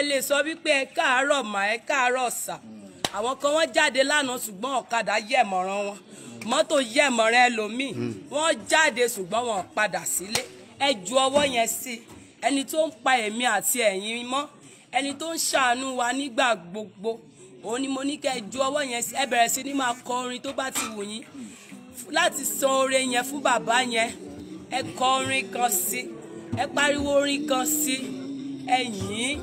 ẹ lè sọ wípé ẹ káàárọ̀ mà ẹ káàárọ̀ sà àwọn kan wọ́n jáde lánàá ṣùgbọ́n ọ̀kadà yẹ̀mọ̀ràn wọn mọ́tò yẹ̀mọ̀ràn ẹlòmíì hmm. wọ́n jáde ṣùgbọ́n wọn padà sílé ẹ ju ọwọ́ yẹn sí ẹni tó ń pa èmi àti ẹ̀yin mọ́ ẹni tó ń ṣàánú wa nígbà gbogbo òun ni mo ní kẹ́ ẹ ju ọwọ́ yẹn sí ẹ bẹ̀rẹ̀ sí ní máa kọ orin tó bá ti wù yín láti san oore yẹn fún bàbá yẹn ẹ kọ orin kan sí ẹ pariwo orin kan sí ẹ yìn ín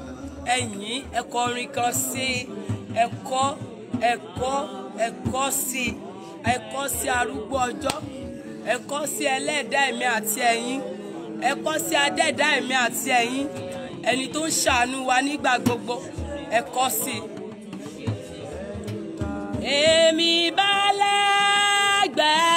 ẹ̀yìn ẹ̀kọ́ orin kan sí ẹ̀kọ́ ẹ̀kọ́ ẹ̀kọ́ sí ẹ̀kọ́ sí arúgbó ọjọ́ ẹ̀kọ́ sí ẹlẹ́ẹ̀dá ẹ̀mí àti ẹ̀yin ẹ̀kọ́ sí adẹ́ẹ̀dá ẹ̀mí àti ẹ̀yin ẹni tó ń ṣàánú wa nígbà gbogbo ẹ̀kọ́ sí i. èmi bá lẹ́gbẹ̀ẹ́.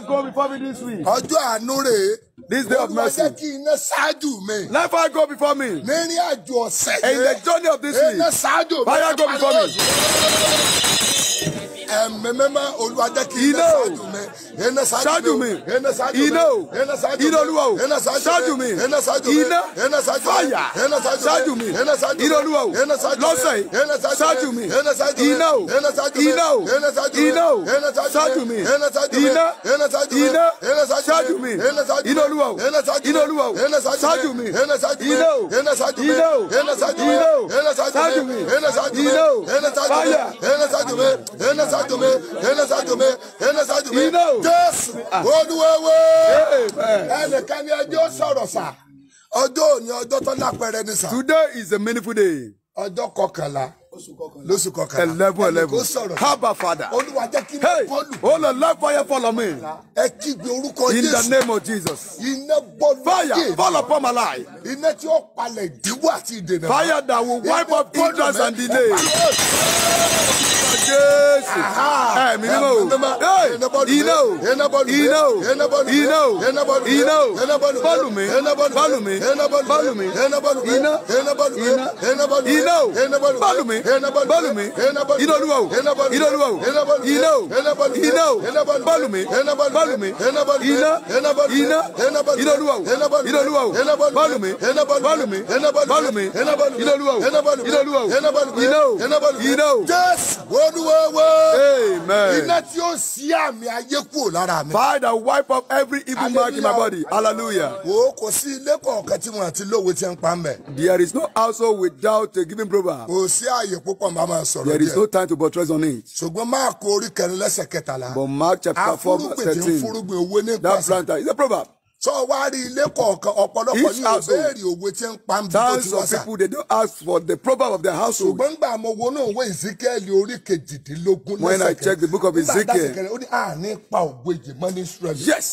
back go before me this week. Ọjọ́ àánú rèé. This day of mercy. Olúwa jẹ́ kí iná ṣáájú mi. Let fire go before me. Ní ìrìn àjò ọ̀sẹ̀ yẹn. In the journey of this week. Iná ṣáájú mi. Fire go before me. Ẹ̀mí mímọ́ kí iná ṣáájú mi ṣáájú mi iná o iná olúwa o ṣáájú mi iná fàyà ṣáájú mi iná olúwa o lọ́sẹ̀ ṣáájú mi iná o iná o iná o ṣáájú mi iná iná ṣáájú mi iná olúwa o iná olúwa o ṣáájú mi iná o iná o iná o ṣáájú mi iná o fàyà. Enes Adume, Enes Adume, Jésù olúwewe ẹnìkan ni ẹjọ́ sọ̀rọ̀ sà ọjọ́ òní ọjọ́ tó lápẹẹrẹ ni sà. Today is a meaningful day. ọjọ́ kọkànlá lóṣù kọkànlá eleven eleven haba fada hey hold oh, on light fire follow me ẹ kígbe orúkọ Jésù in the name of Jesus iná bọ́lú fire fall upon my life iná tí ó palẹ̀ ìdíwọ́ àti ìdènà fire that will wipe up hindrance and delay. Aha. Jésù. Ẹ̀mí mímọ́ o. Iná o. Iná o. Iná o. Iná o. Iná o. Bọ́ọ̀lù mi. Bọ́ọ̀lù mi. Bọ́ọ̀lù mi. Iná. Iná. Iná o. Bọ́ọ̀lù mi. Bọ́ọ̀lù mi. Iná olúwa o. Iná olúwa o. Iná o. Iná o. Bọ́ọ̀lù mi. Bọ́ọ̀lù mi. Iná. Iná. Iná olúwa o. Iná olúwa o. Bọ́ọ̀lù mi. Bọ́ọ̀lù mi. Bọ́ọ̀lù mi. Iná olúwa o. Iná olúwa o. Iná o. Iná o. Jésù olúwewe. amen. iná tí ó sí àmì ayé kúrò lára mi. father wipe off every evil mark in my body hallelujah. wo kò sí ilé kọ̀ọ̀kan tí wọn àti lówe ti ń pa mbẹ. there is no household without a giving proverb. kò sí àyè púpọ̀ máa ma sọ̀rọ̀ díẹ̀. there is no time to buttress on it. ṣùgbọ́n máa kó orí kẹrin lẹ́sẹ̀ kẹtàlá. but mark chapter four verse thirteen. afúrúgbìn ti ń fúrúgbìn owó ní ìpàṣẹ. that planter is a proverb sọ wá rí ilé kọ̀ọ̀kan ọ̀pọ̀lọpọ̀ ní òbéèrè òwe tí ń pa ń tó ti wá sá. thousands of people they don't ask for the proverb of their household. ṣùgbọ́n gbà mo wo náà wo Ezekiel orí kejìdínlógún lẹ́sẹ̀kẹ́. when I check the book of Ezekiel. nígbà dásìkẹrẹ ó ní àní pa òwe yìí mọ́ ní Israel. yes.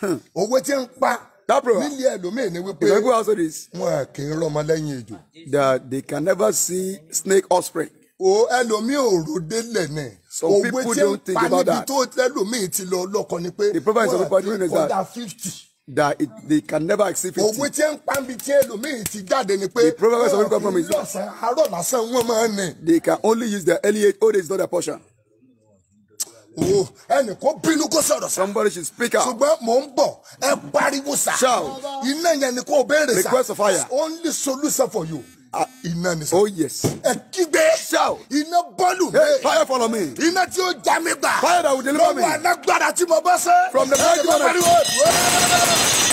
Hmm. òwe tí ń pa nílé ẹlòmíì ni wípé wọn kì í rọmọ lẹ́yìn ejò. that they can never see snake offspring o ẹlòmíì ò rò délẹ̀ ní. some people don't think about that. òwe tí ń pa níbi tó ẹlòmíì ti lọ lọ́kọ ni pé wọ́n ti kọ́dà fifty that it, they can never exceed fifty. òwe tí ń pan bi tí ẹlòmíì ti jáde ni pé. the proverbs of the promise. lọ́sàn-án àárọ̀ lásán wọ́n máa ń ní. they can only use their early age old age not their portion. o ẹnì kó bínú kó sọ̀rọ̀ sá. somebody should speak out. ṣùgbọ́n mò ń bọ̀ ẹ pariwo sá. shout. iná yẹn ni kò béèrè sá. request of fire. only solution for you iná ni sọ. oh yes. ẹ kígbe. shout. iná bọ́ọ̀lù mi. fire follow me. iná tí ó já mi gbà. fire that will deliver me. lọ́wọ́ alágbára tí mo bá sẹ́. from the mighty man of God.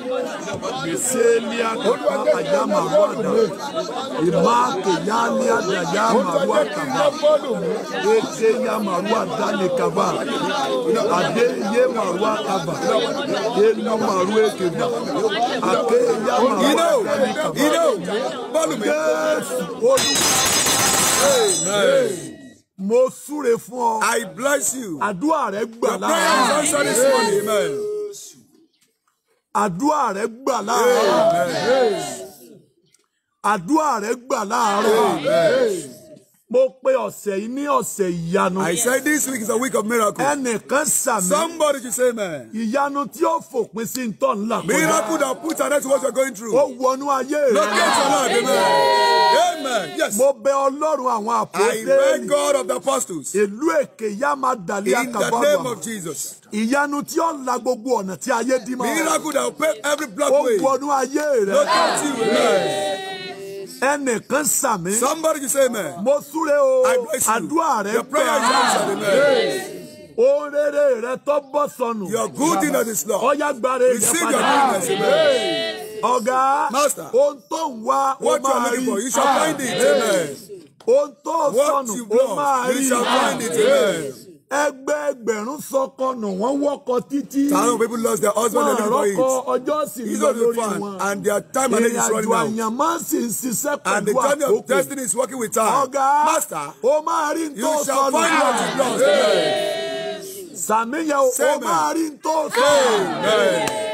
Geselia ayama wada. Ima keyalia dayama wada. Ete yama wada le kaba. Ade ye marwa kaba. Elu marwe keba. Ake yama wada le kaba. Jésù olúwa mo súre fún ọ. I bless you. Àdúrà rẹ gbà lára. The prayer is answered this morning. Amen àdúrà rẹ gbà láàárọ̀ àdúrà rẹ gbà láàárọ̀. Mo pe ọ̀sẹ̀ yìí ní ọ̀sẹ̀ ìyanu. I said this week is a week of miracles. Ẹnìkan sàmì. Somebody should say amen. Ìyanu tí ó fòpin sí ń ńlá. Miracle that puts an end to what you are going through. Ó wọnú ayé rẹ̀. Locate your life, amen. Amen. Yes. Mo bẹ Ọlọ́run àwọn àpótẹ́. I beg God of the apostles. Ìlú èkè yá máa dàlí àkàbọ̀ àwọn. In the name of Jesus. Ìyanu tí ó la gbogbo ọ̀nà tí ayé dí mọ́. Miracle that will pay every block way. Ó wọnú ayé rẹ̀. Locate you, amen ẹnìkan sàmí. somebody say amen. mo súre o àdúrà rẹ answered. Amen. rere rẹ tó bọ́ sọnù. your good in this law. ọyá gbàre rẹ padà. receive your goodness amen. ọ̀gá ohun tó ń wá ó máa rí. what you are looking for you shall ah. find it amen. ohun tó sọnù ó máa rí. what you want you shall find it ah. amen ẹgbẹẹgbẹ̀rún sọkọ nù wọ́n wọ́kọ títí. thousand people lost their husband and their wives. wọ́n rọ́kọ ọjọ́ sì lọ lórí wọn. and their time and age is running out. ìrìnàjò àyànmọ́ sì ń ṣiṣẹ́ pẹ̀lú àkókò. and the journey of destiny is working with time. ọ̀gá master o máa rí n tó sọnù. you shall find what you lost. sàmìyàn o máa rí n tó sọnù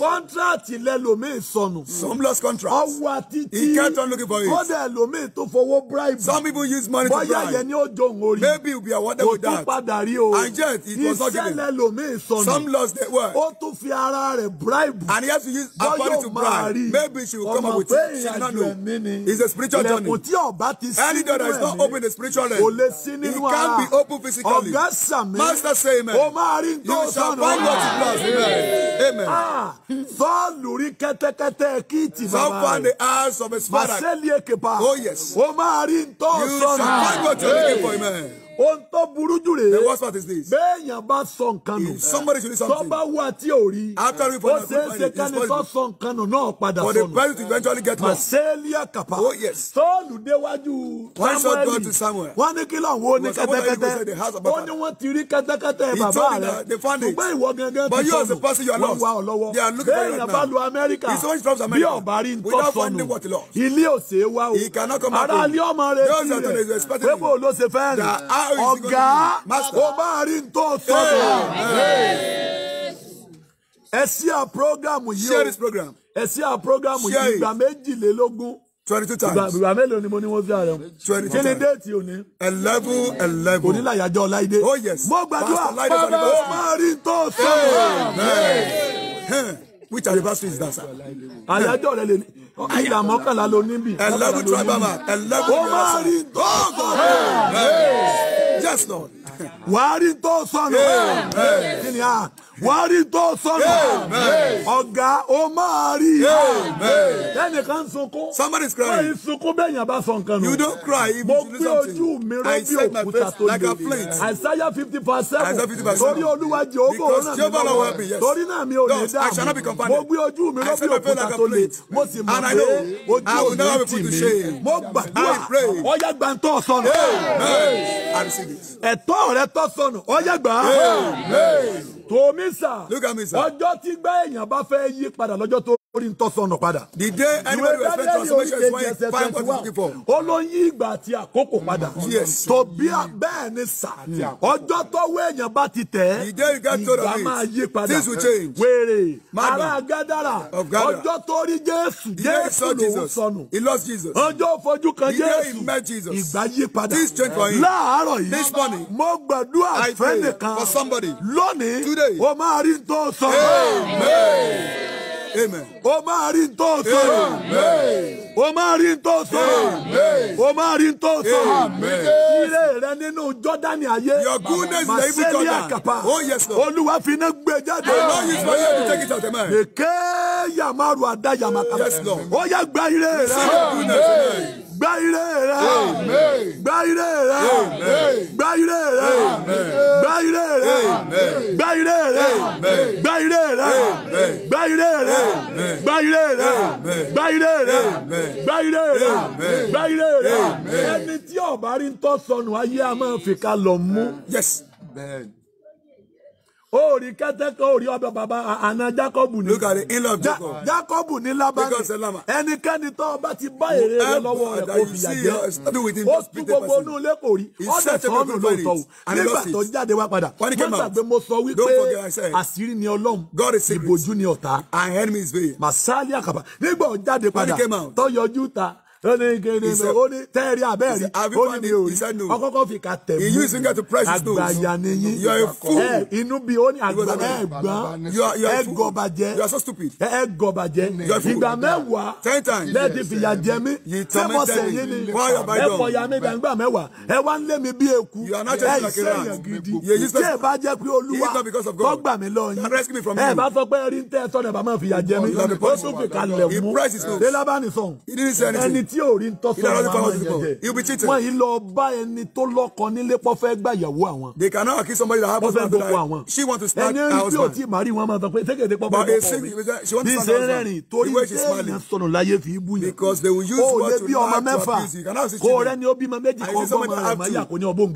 kọ́ńtráàtì lẹ́lòmíì sọnù. some lost contracts. ọwọ́ àtìtì. he kept on looking for it. kọ́dà ẹlòmíì tó fowó bribe. some people use money to bribe. bóyá yẹn ni ó jọ òun maybe we are whatever with that. kò tún padà rí o. and yet it was not given. iṣẹ́ lẹ́lòmíì sọnù. some lost their word. ó tún fi ara rẹ̀ bribe. and he has to use her to bribe. maybe she will come up with it. she did know. it's a spiritual journey. lẹ́kùn tí ọba ti sí nínú ẹ̀mí. any daughter is not open in spiritual realm. kò lè sí nínú ara. it can't be open physically. ọ̀gá sàmì. master say amen. o máa rí nǹkan sọnù. you shall find what you lost. amen. Ah! amen. Zọ́ọ̀lù kẹ́tẹ́kẹ́tẹ́ kíìtì bàbá rẹ̀. Masẹ́lì èkèpà. Oh yes. O máa rí ntọ́ sọ́nà. You survive what you're looking for, amen ohun tó burú jù rèé. the worst part is this. béèyàn bá sọ nǹkan nù. if somebody should do something. tó bá àti òrí. after we find out who find it it's possible. ó ṣeé ṣe kánitọ́ sọ nǹkan nù náà padà sọnù. for the value to eventually get lost. maselia kapa. oh yes. sọ́ọ̀lù déwájú samuel. one shot gun to samuel. wọ́n ní kí ló ń wo ní kẹ́tẹ́kẹ́tẹ́. ó ní wọ́n ti rí kẹ́tẹ́kẹ́tẹ́ bàbá rẹ̀. he told me that ìwọ gangan ti sọnù. but you as a person you are lost. wọ́n wá ọ lọ́wọ́. they are looking right now. béèyàn bá lu amẹ́ríkà. he so much drops amẹ́ríkà. bí ọ̀bá rí ń tọ́ sọnù. ilé òsè wa o. he are the expectations. pé bó ló ọ̀gá ó máa rí nǹkan sọ́dọ̀. ẹ sí à prógrámù yìí o ẹ sí à prógrámù yìí ìgbà méjìlélógún. twenty two times ìgbà mélòó ni mo ní wọ́n fi àrẹ wọn. twenty two times kí ni déètì òní. eleven eleven. òní làyájọ́ ọláìdé. oh yes mo gbàdúrà bàbá ó máa rí nǹkan sọ́dọ̀. which anniversary is that sir. àyájọ́ rẹ lè ní ìlà mọ́kànlá ló níbi. eleven twelve hour eleven. ó máa rí nǹkan yes lord wàá rí tó sọnù kí ni wàá rí tó sọnù ọ̀gá ó máa rí ẹnìkan sunkún somebody is crying sunkún bẹ́ẹ̀ yẹn bá sọ nǹkan nù you don't cry if you do something mo gbé ojú mi rọ́bì òkúta tó le àìsáyà fifty percent torí olúwa jehova ọ̀nà mi lọ́wọ́ torí náà mi ò lè dáàbò mo gbé ojú mi rọ́bì òkúta tó le mo sì mọ̀ pé ojú òní tì mí mo gbàdúrà ọ̀yà gbà ń tọ́ sọnù ẹ̀tọ́ rẹ tọ́ sọnù ọ̀yà gbà á. To mi sà. Look at me sà. Ọjọ́ tí gbá èèyàn bá fẹ́ yí padà lọ́jọ́ tó orí ń tọ́sọ̀nà padà. the day anybody will expect transformation is when you find what you looking for. ìgbà àti àkókò padà. yes To bí bẹ́ẹ̀ ni sà. ọjọ́ tó wé èèyàn bá ti tẹ̀. the day you get to the meet ìgbà máa yí padà. things will change. wèrè ará gádàrà ọjọ́ tó rí jésù jésù lòún sọnù. he lost jesus. ọjọ́ fojú kan jésù ìgbà yí padà. things change for him. láàárọ̀ yìí this morning mo gbàdúrà fẹ́ nìkan lónìí o máa rí tó sọ. amen. amen. Amen. ó máa rí tó sọ. Amen. Amen o máa rí tó sọ o máa rí tó sọ ire rẹ nínú Jọ́dánì ayé màsẹ́lì àkàpà oh, olúwa fi iná gbé e jáde èké yamaru adá yamakapa ó yẹ gba ire rẹ gba ire rẹ gba ire rẹ gba ire rẹ gba ire rẹ gba ire rẹ gba ire rẹ gba ire rẹ gba ire rẹ gba ire rẹ rẹ̀ gba ire rẹ̀ gba ire rẹ̀ ẹni tí ọ̀bá rí ń tọ́ sọnù ayé a máa fi ká lọ mú ó rí kẹ́tẹ́kẹ́ ó rí ọbẹ̀ bàbá àná Jákọ́bù ni. Look at the in-law of Jacob. Jákọ́bù ní Lábánì. ẹnikẹ́ni tó bá ti bá èrè rẹ lọ́wọ́ rẹ̀ kò fìyà jẹ. ó tú gbogbo inú ilé kò rí. ọ̀dẹ̀ sọ́nù lóòótọ́ o. nígbà tó jáde wá padà. wọ́n gbàgbé mo sọ wípé àṣírí ni Ọlọ́run. ìbòjú ni ọ̀tá. and enemy is vain. màsáálì àkàbà nígbà ó jáde padà tó yọjú ta ó ní kéde mẹ ó ní tẹ́ẹ̀rí abẹ́ẹ̀rí ó ní mi ò rí ọkọ̀kọ̀ fi ka tẹ̀ mú àgbàyà ni yín ẹ inú bí ó ní àgbà ẹ gbọ́n ẹ gọbàjẹ́ ẹ gọbàjẹ́ ìgbà mẹ́wàá lẹ́ẹ̀dì fìyà jẹ mí ṣé mo ni ẹ fọyà mi gbàgbà mẹ́wàá ẹ wá ń lé mi bí eku ẹ ìṣẹ̀yàn gidi tí ẹ bá jẹ́ pé olúwa kó gbà mí lọ yín ẹ bá sọ pé rí ń tẹ́ ẹ sọ́dọ̀ bàmọ́ fìyà jẹ mí ó tún fi kalẹ̀ mú tí ò rí ń tọ́sọ àwọn ọmọ ìyẹn jẹ wọn yìí lọ bá ẹni tó lọ́kọ nílé pọ́ fẹ́ gbà yàwó àwọn. they cannot accuse somebody that happens to be like she want to snatch her husband. ẹni tí ò tí màrí wọn máa tán pé tẹ́kẹ̀dẹ́ pọ́ pọ́ pọ́ mi bí ṣe rẹ́rìn torí sẹ́yìn sọnù láyé fi bú yẹn. because they will use word to lie to abuse you cannot accuse children. kò rẹ́ni ó bímọ méjì kọ́ ọgbọ́n mọ́ ẹ̀ máa yà kó ní ọgbọ́n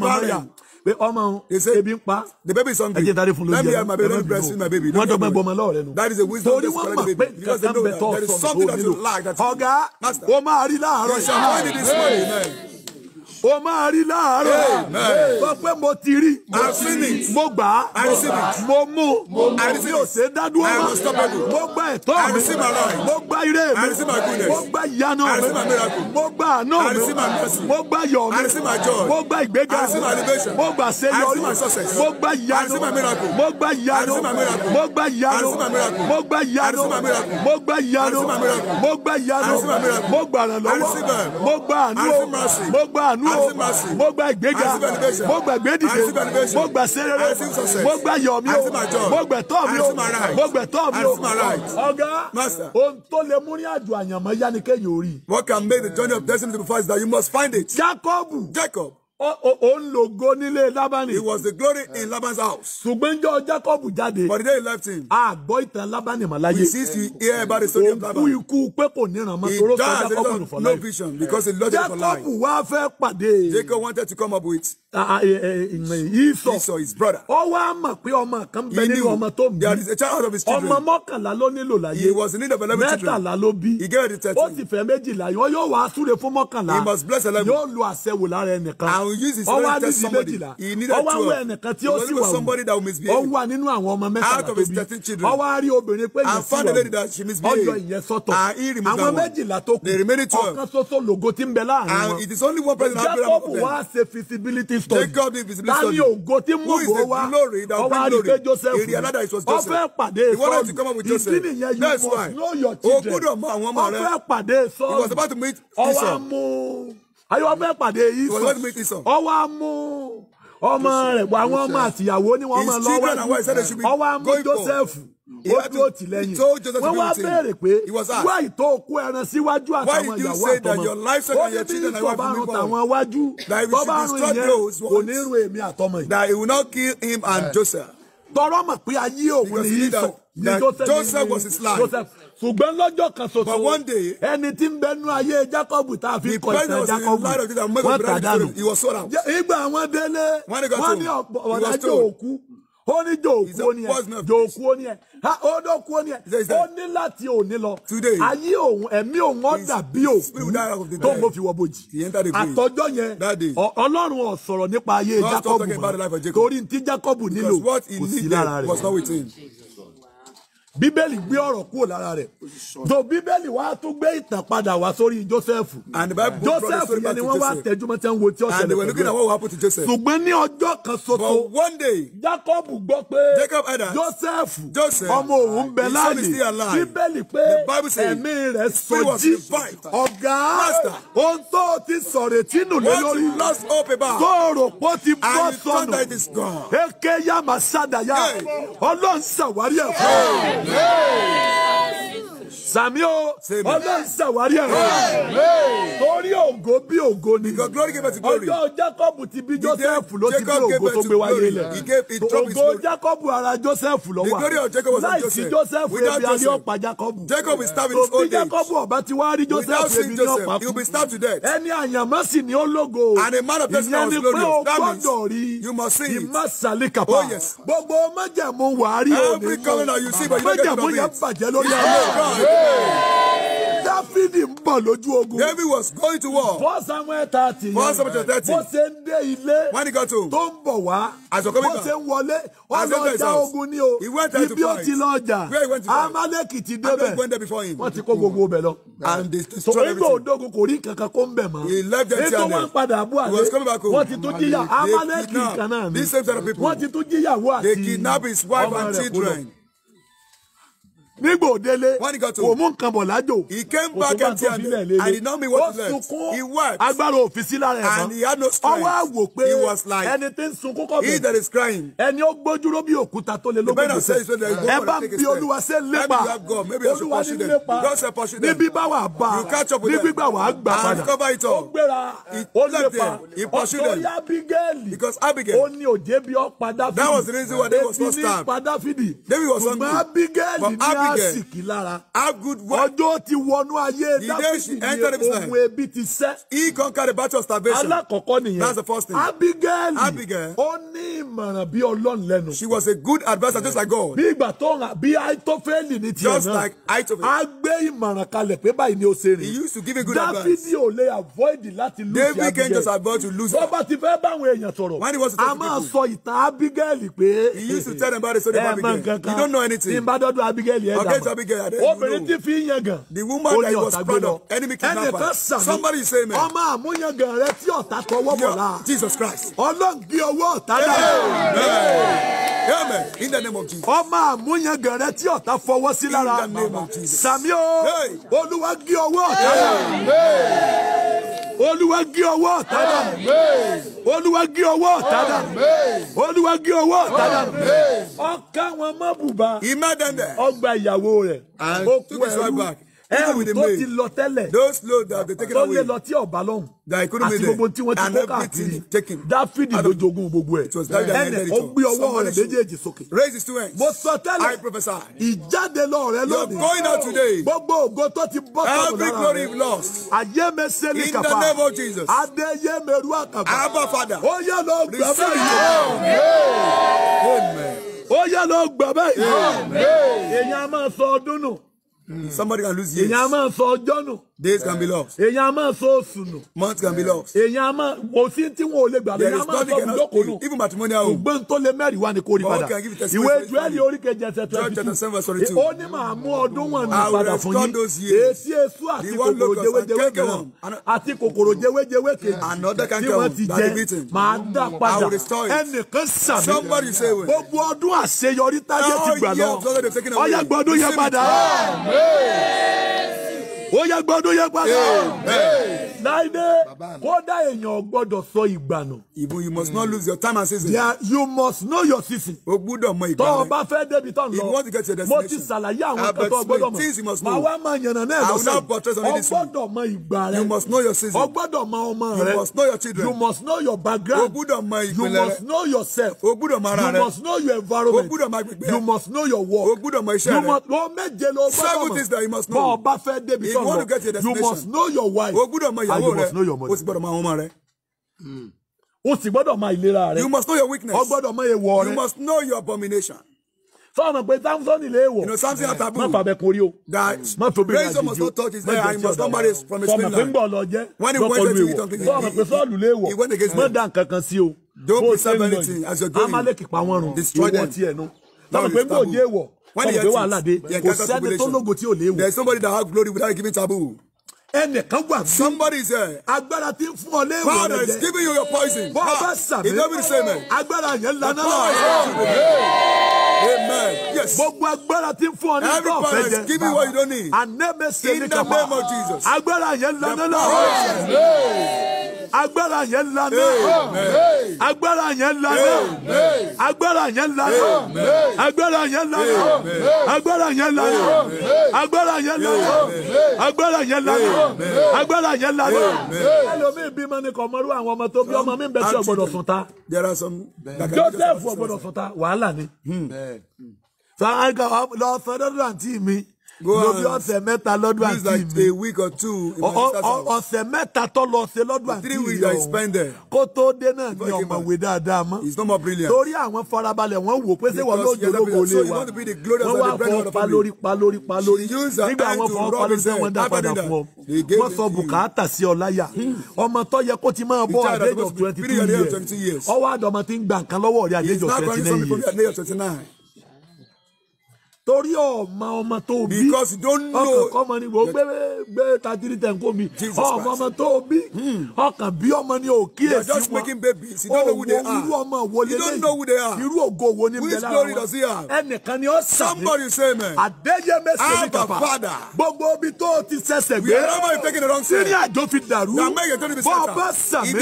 gbọ́ pé ọmọ ebi ń pa the baby is hungry ẹjẹ tari fún lóúnjẹ lọ ẹmọ bíbí wọn dọgbọn gbọmọ lọrẹ nù torí wọn mọ pé kankan bẹ tọ sọmọ tó nílò ọgá o máa rí láàárọ̀ yìí o máa rí láàárọ̀ sọ pé mo ti rí mo gbà á mo mú mi ò ṣe dádúró mọ́ mo gba ẹ̀tọ́ mi mo gba ire mi mo gba ìyanu mi mo gba àánú mi mo gba yọ̀ mi mo gba ìgbéga mi mo gba ṣeyọrí mo gba ìyanu mo gba ìyanu mo gba ìyanu mo gba ìyanu mo gba ìyanu mo gba ìyanu mo gba ìrànlọ́wọ́ mo gba àánú mo gba àánú mo gba ìgbéga mo gba ìgbédìde mo gba sẹ́rẹ́rẹ́ mo gba yọ̀ o mo gbẹ̀ tọ́ mi o mo gbẹ̀ tọ́ mi o ọ̀gá ohun tó lè mú ní àjò àyànmọ́ yá ni kéèyàn ò rí. What can make the journey of destiny to be fast that you must find it. Jacob. Jacob ó ń lògo nílé Lábánì. he was the glory in Laban's house. ṣùgbọ́n jọ Jacob jáde. but the day he left him. a gbọ́ ìtàn Lábánì mà we cease to hear about the story of Laban. òun kú ikú pé kò níran mọ́. he died as a result of no vision because he lost for life. Jacob wá fẹ́ pàdé. Jacob wanted to come up with. E, e, Esau. Esau his brother. ó wá mọ̀ pé ọmọ kan bẹ nínú ọmọ tó bí. there is a child of his children. ọmọ mọ́kànlá ló nílò láyé. he was in need of eleven children. mẹ́tàlá ló bí. he gave it to thirteen. ó sì fẹ́ méjìlá yóò wá súre fún mọ́kànlá. he must bless eleven. yóò lo àṣẹwò lára ẹnìkan use his own test somebody. He needed twelve. Ọwọ́ àwọn ẹnìkan tí ó misbehave? wà wù. Ó wà nínú àwọn ọmọ mẹ́ta tó bí. Ọwọ́ àrí obìnrin pé yẹn sí wà wù. Ọjọ́ ìyẹn sọ́tọ̀. Ah, àwọn méjìlá tó kù. Ọ̀kan ṣoṣo lògo ti ń bẹ láàrin wọn. Jacob wá ṣe feasibility study. Tani ògo tí mú ògo wá. Ọwọ́ àrí pé Joseph. Ọfẹ́ pàdé sọ́ọ̀nù. Ìdí nìyẹn yóò mọ̀ know your children. Ọfẹ́ pàdé sọ́ọ̀nù. Ọwọ́ àmú ayọ̀ fẹ́ pàdé ìsọ̀ ọwọ́ á mú ọmọ rẹ̀ wọ àwọn ọmọ àtìyàwó ni wọ́n máa lọ́wọ́ ọwọ́ á mú Joseph ó dúró tì lẹ́yìn wọ́n wá béèrè pé wá ìtó okú ẹran síwájú àtàwọn ìyàwó àtọmọ ó ní bí ìtọ̀ bá run tàwọn wájú tó bá run ìyẹn kò ní run èmi àtọmọ yìí. that he will not kill him and eh. Joseph. tọrọ mọ̀ pé ayé òun ni ìtọ̀ ni Joseph was his life. ṣùgbọ́n lọ́jọ́ kan ṣoṣo ẹni tí ń bẹnu ayé Jacob tá a fi kọ Jacob wọ́n tà dànù ìgbà àwọn délé wọ́n ní ọ̀dájọ́ òkú ó ní jòòkú ó ní ẹ jòòkú ó ní ẹ ó dókú ó ní ẹ ó ní láti òní fi yẹn Ọlọ́run sọ̀rọ̀ nípa ayé Jacob mọ́ torí ti Jacob nílò kò bíbélì gbé ọ̀rọ̀ kúrò lára rẹ̀ tó bíbélì wá tún gbé ìtàn padà wá sórí joseph joseph yẹn ni wọ́n wá tẹjúmọ́ tí wọ́n wo tí ó ṣẹlẹ̀ pẹ̀lú ṣùgbọ́n ní ọjọ́ kan ṣoṣo jacob gbọ́ pé joseph ọmọ òun bẹ láàyè bíbélì pé ẹ̀mí rẹ̀ sọjí ọ̀gá ohun tó ti sọ̀rọ̀ tínú lé lórí tó rò pó ti bọ́ sọnù eke yamasa daya ọlọ́run ṣàwárí ẹ̀fọ́. Amen. sàmì o ọlọ́run ṣàwárí ẹ̀rọ torí ògo bí ògo ni ọjọ́ Jacob ti bí Joseph ló ti bí ògo tó gbé wáyé lẹ̀ ògo Jacob ara Joseph lọ wà láìsí Joseph ebi alẹ́ ọ̀pá Jacob bí Jacob ọba ti wá rí Joseph ebi ní ọ̀pá kú ẹni àyànmọ́ sì ni ó lógo ìyẹn ni pé o gbọ́dọ̀ rí ìmọ̀sálẹ̀ kàpá oh, gbogbo májẹ̀mú wàá rí òní májẹ̀mú yẹn bàjẹ́ lórí ọ̀rọ̀. Dáfídì bọ̀ lójú ogun. David was going to war. Bọ́ Samuel thirty. Bọ́ Samuel thirty. Bó ṣe ń dé ilé. When he got home. Tó ń bọ̀ wá. As a commander. Bó ṣe ń wọlé. Ó lọ ja ogun ní o. He went out to fight. Ibi ó ti lọ jà. Where he went to fight. Amaleki ti débẹ̀. Amaleki went there before him. Wọ́n ti kó gbogbo bẹ̀ lọ. And they destroyed everything. Sọ Igbo Odogun kò rí kankan kó ń bẹ̀ mọ́. He left them children. Ètò wọn padà bú àlẹ́. He was coming back home. Wọ́n ti tún jíyà. Amaleki kan náà ni. These same sort of people. Wọ́n ti tún jíyàwó àti They kidnap his wife and children nígbà òdélé kò mú nǹkan bọ̀ lájò kò tó bá tó fi lẹ̀ lélẹ̀ ó sunkún agbára òfìsí lára ẹ̀ mọ́ ọwọ́ àwò pé ẹni tí ń sunkún kọ́ bẹ̀rẹ̀ ẹni ó gbójúró bí òkúta tó lé lókùn bẹ̀rẹ̀ ẹ bá ń fi olúwa ṣe lépa olúwa ní lépa ní bíbá wà bá ní gbígbà wà gbà padà ó gbéra ó lépa ọ̀tọ́rí Abigail ó ní òjé bí ó padà fìdí ètí ní padà fìdí ṣùgbọ́n Abigail ní dásìkì lára. good work. ọjọ́ ti wọnú ayé dásìkì ni ohun ebi ti sẹ́. he conquered the battle of starvation. alákọ̀ọ́kọ́ nìyẹn. that's the first thing. abigail. abigail. ó ní ìmọ̀ràn bí ọlọ́run lẹ́nu. she was a good adviser yeah. just like God. bí ìgbà tó ń bí aitofeli ní tiẹ̀ náà. just like aitofeli. a gbé ìmọ̀ràn kalẹ̀ pé báyìí ni ó ṣe rìn. he used to give a good advice. dáfídì ò lè avoid láti lose abigail. david can just avoid to lose her. bọ́bá ti fẹ́ báwọn èèyàn sọ̀rọ̀. when he was to talk to people. a máa sọ ìtàn abigail pé. he used to tell them about the story of abigail. ẹ you don't know anything. ìbádọ́dọ̀ abigail yẹn dàmà obìnrin tí fi ń yan gan ó ní ọ̀tá gbé lọ ẹnìkan sàmì ọmọ àmúyangàn rẹ tí ọ̀tá tọwọ́ bọ̀ la ọlọ́ọ̀gì ọwọ́ ọ̀tá dà. Amen. In the name of Jesus. Ọmọ àmúyangàn rẹ tí ọ̀tá fọwọ́ sí lára. In the name of Jesus. Sàmí o, Olúwa gé ọwọ́ ọ̀tá náà. Olúwa gé ọwọ́ ọ̀tá náà. Olúwa gé ọwọ́ ọ̀tá náà. Olúwa gé ọwọ́ ọ̀tá náà. Ọkà wọn má bùbá. Ìmọ̀ dẹ́ndẹ̀. Ọgbà ìyàwó rẹ̀. and took his right back. ẹrù tó ti lọ tẹ́lẹ̀. those load that they taken away. tó lè lọ tí ọ̀bà lọ́hùn. that he couldn't make them. àti gbogbo tí wọ́n ti kó káàkiri. dáfídì ló jogún gbogbo ẹ̀. it was dáfídì and ẹnẹ ó gbé ọwọ́ rẹ̀ méjèèjì sókè. raise his two hands. mo sọ tẹ́lẹ̀. I prophesy. ìjáde lọ rẹ lónìí. you are going out today. gbogbo ògo tó ti bọ́ sọ̀rọ̀ lára rẹ. every glory you lost. ayémesele kàfà. in the name of Jesus. adéyémeru àkàfà. abba father. ó yẹ lọ gbàgbé yìí. amen ó yẹ lọ gbà báyìí èèyàn máa sọ ọdún nù. somebody can lose years. èèyàn máa sọ ọjọ́ nù. Days can be lost. Èyàn máa so sùnù. Months can be lost. Èyàn máa kò sí tí wọn ò lè gbà. There is nothing cannot do. Even matrimonial home. Ògbẹ́ni tó lé mẹ́rin wá ni kò rí padà. Ìwé Jùẹ́lì oríkejì ẹsẹ̀ twenty two. Church chapter seven verse twenty Ó ní màá mú ọdún wọn ní padà fún yín. Èsì èso àti kòkòrò jẹ́wéjẹ́wé kan. Àti kòkòrò jẹ́wéjẹ́wé kejì. Tí wọ́n ti jẹ màá dá padà. Ẹnìkan sàmì. Gbogbo ọdún àṣeyọrí tájẹ́ ti gbà lọ. Ọyá gbọ́dún yẹn padà ó yẹ gbọ́dún yẹ padà. láìdé kódà èèyàn gbọ́dọ̀ sọ ìgbà nù. you must not lose your time and season. yeah you must know your season. o gbúdọ̀ mọ ìgbà rẹ. tọ́ ọ bá fẹ́ débi tán lọ. if you want to get your destination. mo ti ṣàlàyé àwọn ah, kan tó gbọ́dọ̀ mọ̀. things you must know. màá wá máa yànnà náà lọ sí. I will not portray something this week. o mọ ìgbà rẹ. you must know your season. o gbọ́dọ̀ mọ ọmọ rẹ. you must know your children. you must know your background. o gbúdọ̀ mọ ìpìlẹ̀ rẹ. you must know yourself. o gbúdọ̀ mọ ara rẹ. you must know your environment. o gbúdọ̀ mọ agbègbè rẹ. you must know your work. o gbúdọ̀ mọ iṣẹ́ rẹ. you must know méje ló seven things that you must know. bọ́ọ̀ bá fẹ́ débi tán lọ you must know your wife o gbọ́dọ̀ mọ ìyàwó ah, rẹ o o sì gbọ́dọ̀ hmm. mọ ìlera rẹ you must know your weakness o gbọ́dọ̀ mọ èèwọ̀ rẹ you must know your abomination. sọ́ọ̀nà pé samson ilé èèwọ̀ má fàbẹ̀ kórí o hmm. má tóbi rẹ̀ àjíjì o má jẹ́ sí ọ̀dọ̀ sọ́ọ̀nà pé ń bọ̀ lọ jẹ́ lọ́kọ̀lù èèwọ̀ sọ́ọ̀nà pé sọ́ọ̀lù lé èèwọ̀ má dá nǹkan kan sí o. don't preserve anything as you're going amalek pa wọn run ìwọ tiẹ̀ nu pé ń bọ̀ wọ́n lè yẹ ti kò sẹ́ni tó lógo tí ò léwu. there is somebody that has glory without giving taboo ẹnìkan wà bí. somebody is there. agbára ti ń fún ọ léwu. father is giving you your poison. bọ́ ọ bá sàmì. it no be the same man. agbára yẹn lana la. amen. yes. gbogbo agbára ti fún ọ ní ìgbà ọ̀fẹ́ jẹ. everybody is giving what you don't need. ní kàpá. in the name of Jesus. agbára yẹn lana la. amen agbára yẹn lana agbára yẹn lana agbára yẹn lana agbára yẹn lana agbára yẹn lana agbára yẹn lana agbára yẹn lana agbára yẹn lana ẹlòmíì bímọ ni kò mọrú àwọn ọmọ tó bí ọmọ mi bẹ tí ọgbọdọ sùn ta joseph ọgbọdọ sùn ta wàhálà ni hmm. Hmm. lọ sọdọdọ àǹtí mi lórí ọ̀sẹ̀ mẹ́ta lọ́dún àǹtí mi. a week or two in my sister's house. ọ̀sẹ̀ mẹ́ta tó lọ ṣe lọ́dún àǹtí mi o. three weeks I spent there. kó tó dé náà ni ọ̀mọ̀wé dáadáa mọ́. it's not more brilliant. torí àwọn farabalẹ̀ wọ́n wò pé ṣé wọ́n ló jẹ́ ológo lé wa. wọ́n wá fọ́ pa lórí pa lórí pa lórí. nígbà wọn fọ́ pa lórí sẹ́wọ̀n dá padà fún ọ. wọ́n sọ bùkátà sí ọ láyà. Hmm. ọmọ tó yẹ kó ti máa bọ́ at age of twenty two years. ọwọ́ àdọ̀mọ̀ ti ń gbà nǹkan lọ́wọ́ rẹ̀ at age of twenty nine years torí ọmọ ọmọ tó bí ọkàn kọmọ ni wò ó gbé tatiri tẹ̀ ń kó mi ọmọ ọmọ tó bí ọkàn bí ọmọ ni ò kíyèsí wọn òwò irú ọmọ wo lélẹ́yìn irú ògo wo ni bẹ̀rẹ̀ àwọn ẹnìkan ni ó sàmì àdéyẹmẹsẹ̀ ní kàfà gbogbo ibi tó ti ṣẹ̀ṣẹ̀ gbé sínú àjò fi dàrú bọ́ bá sàmì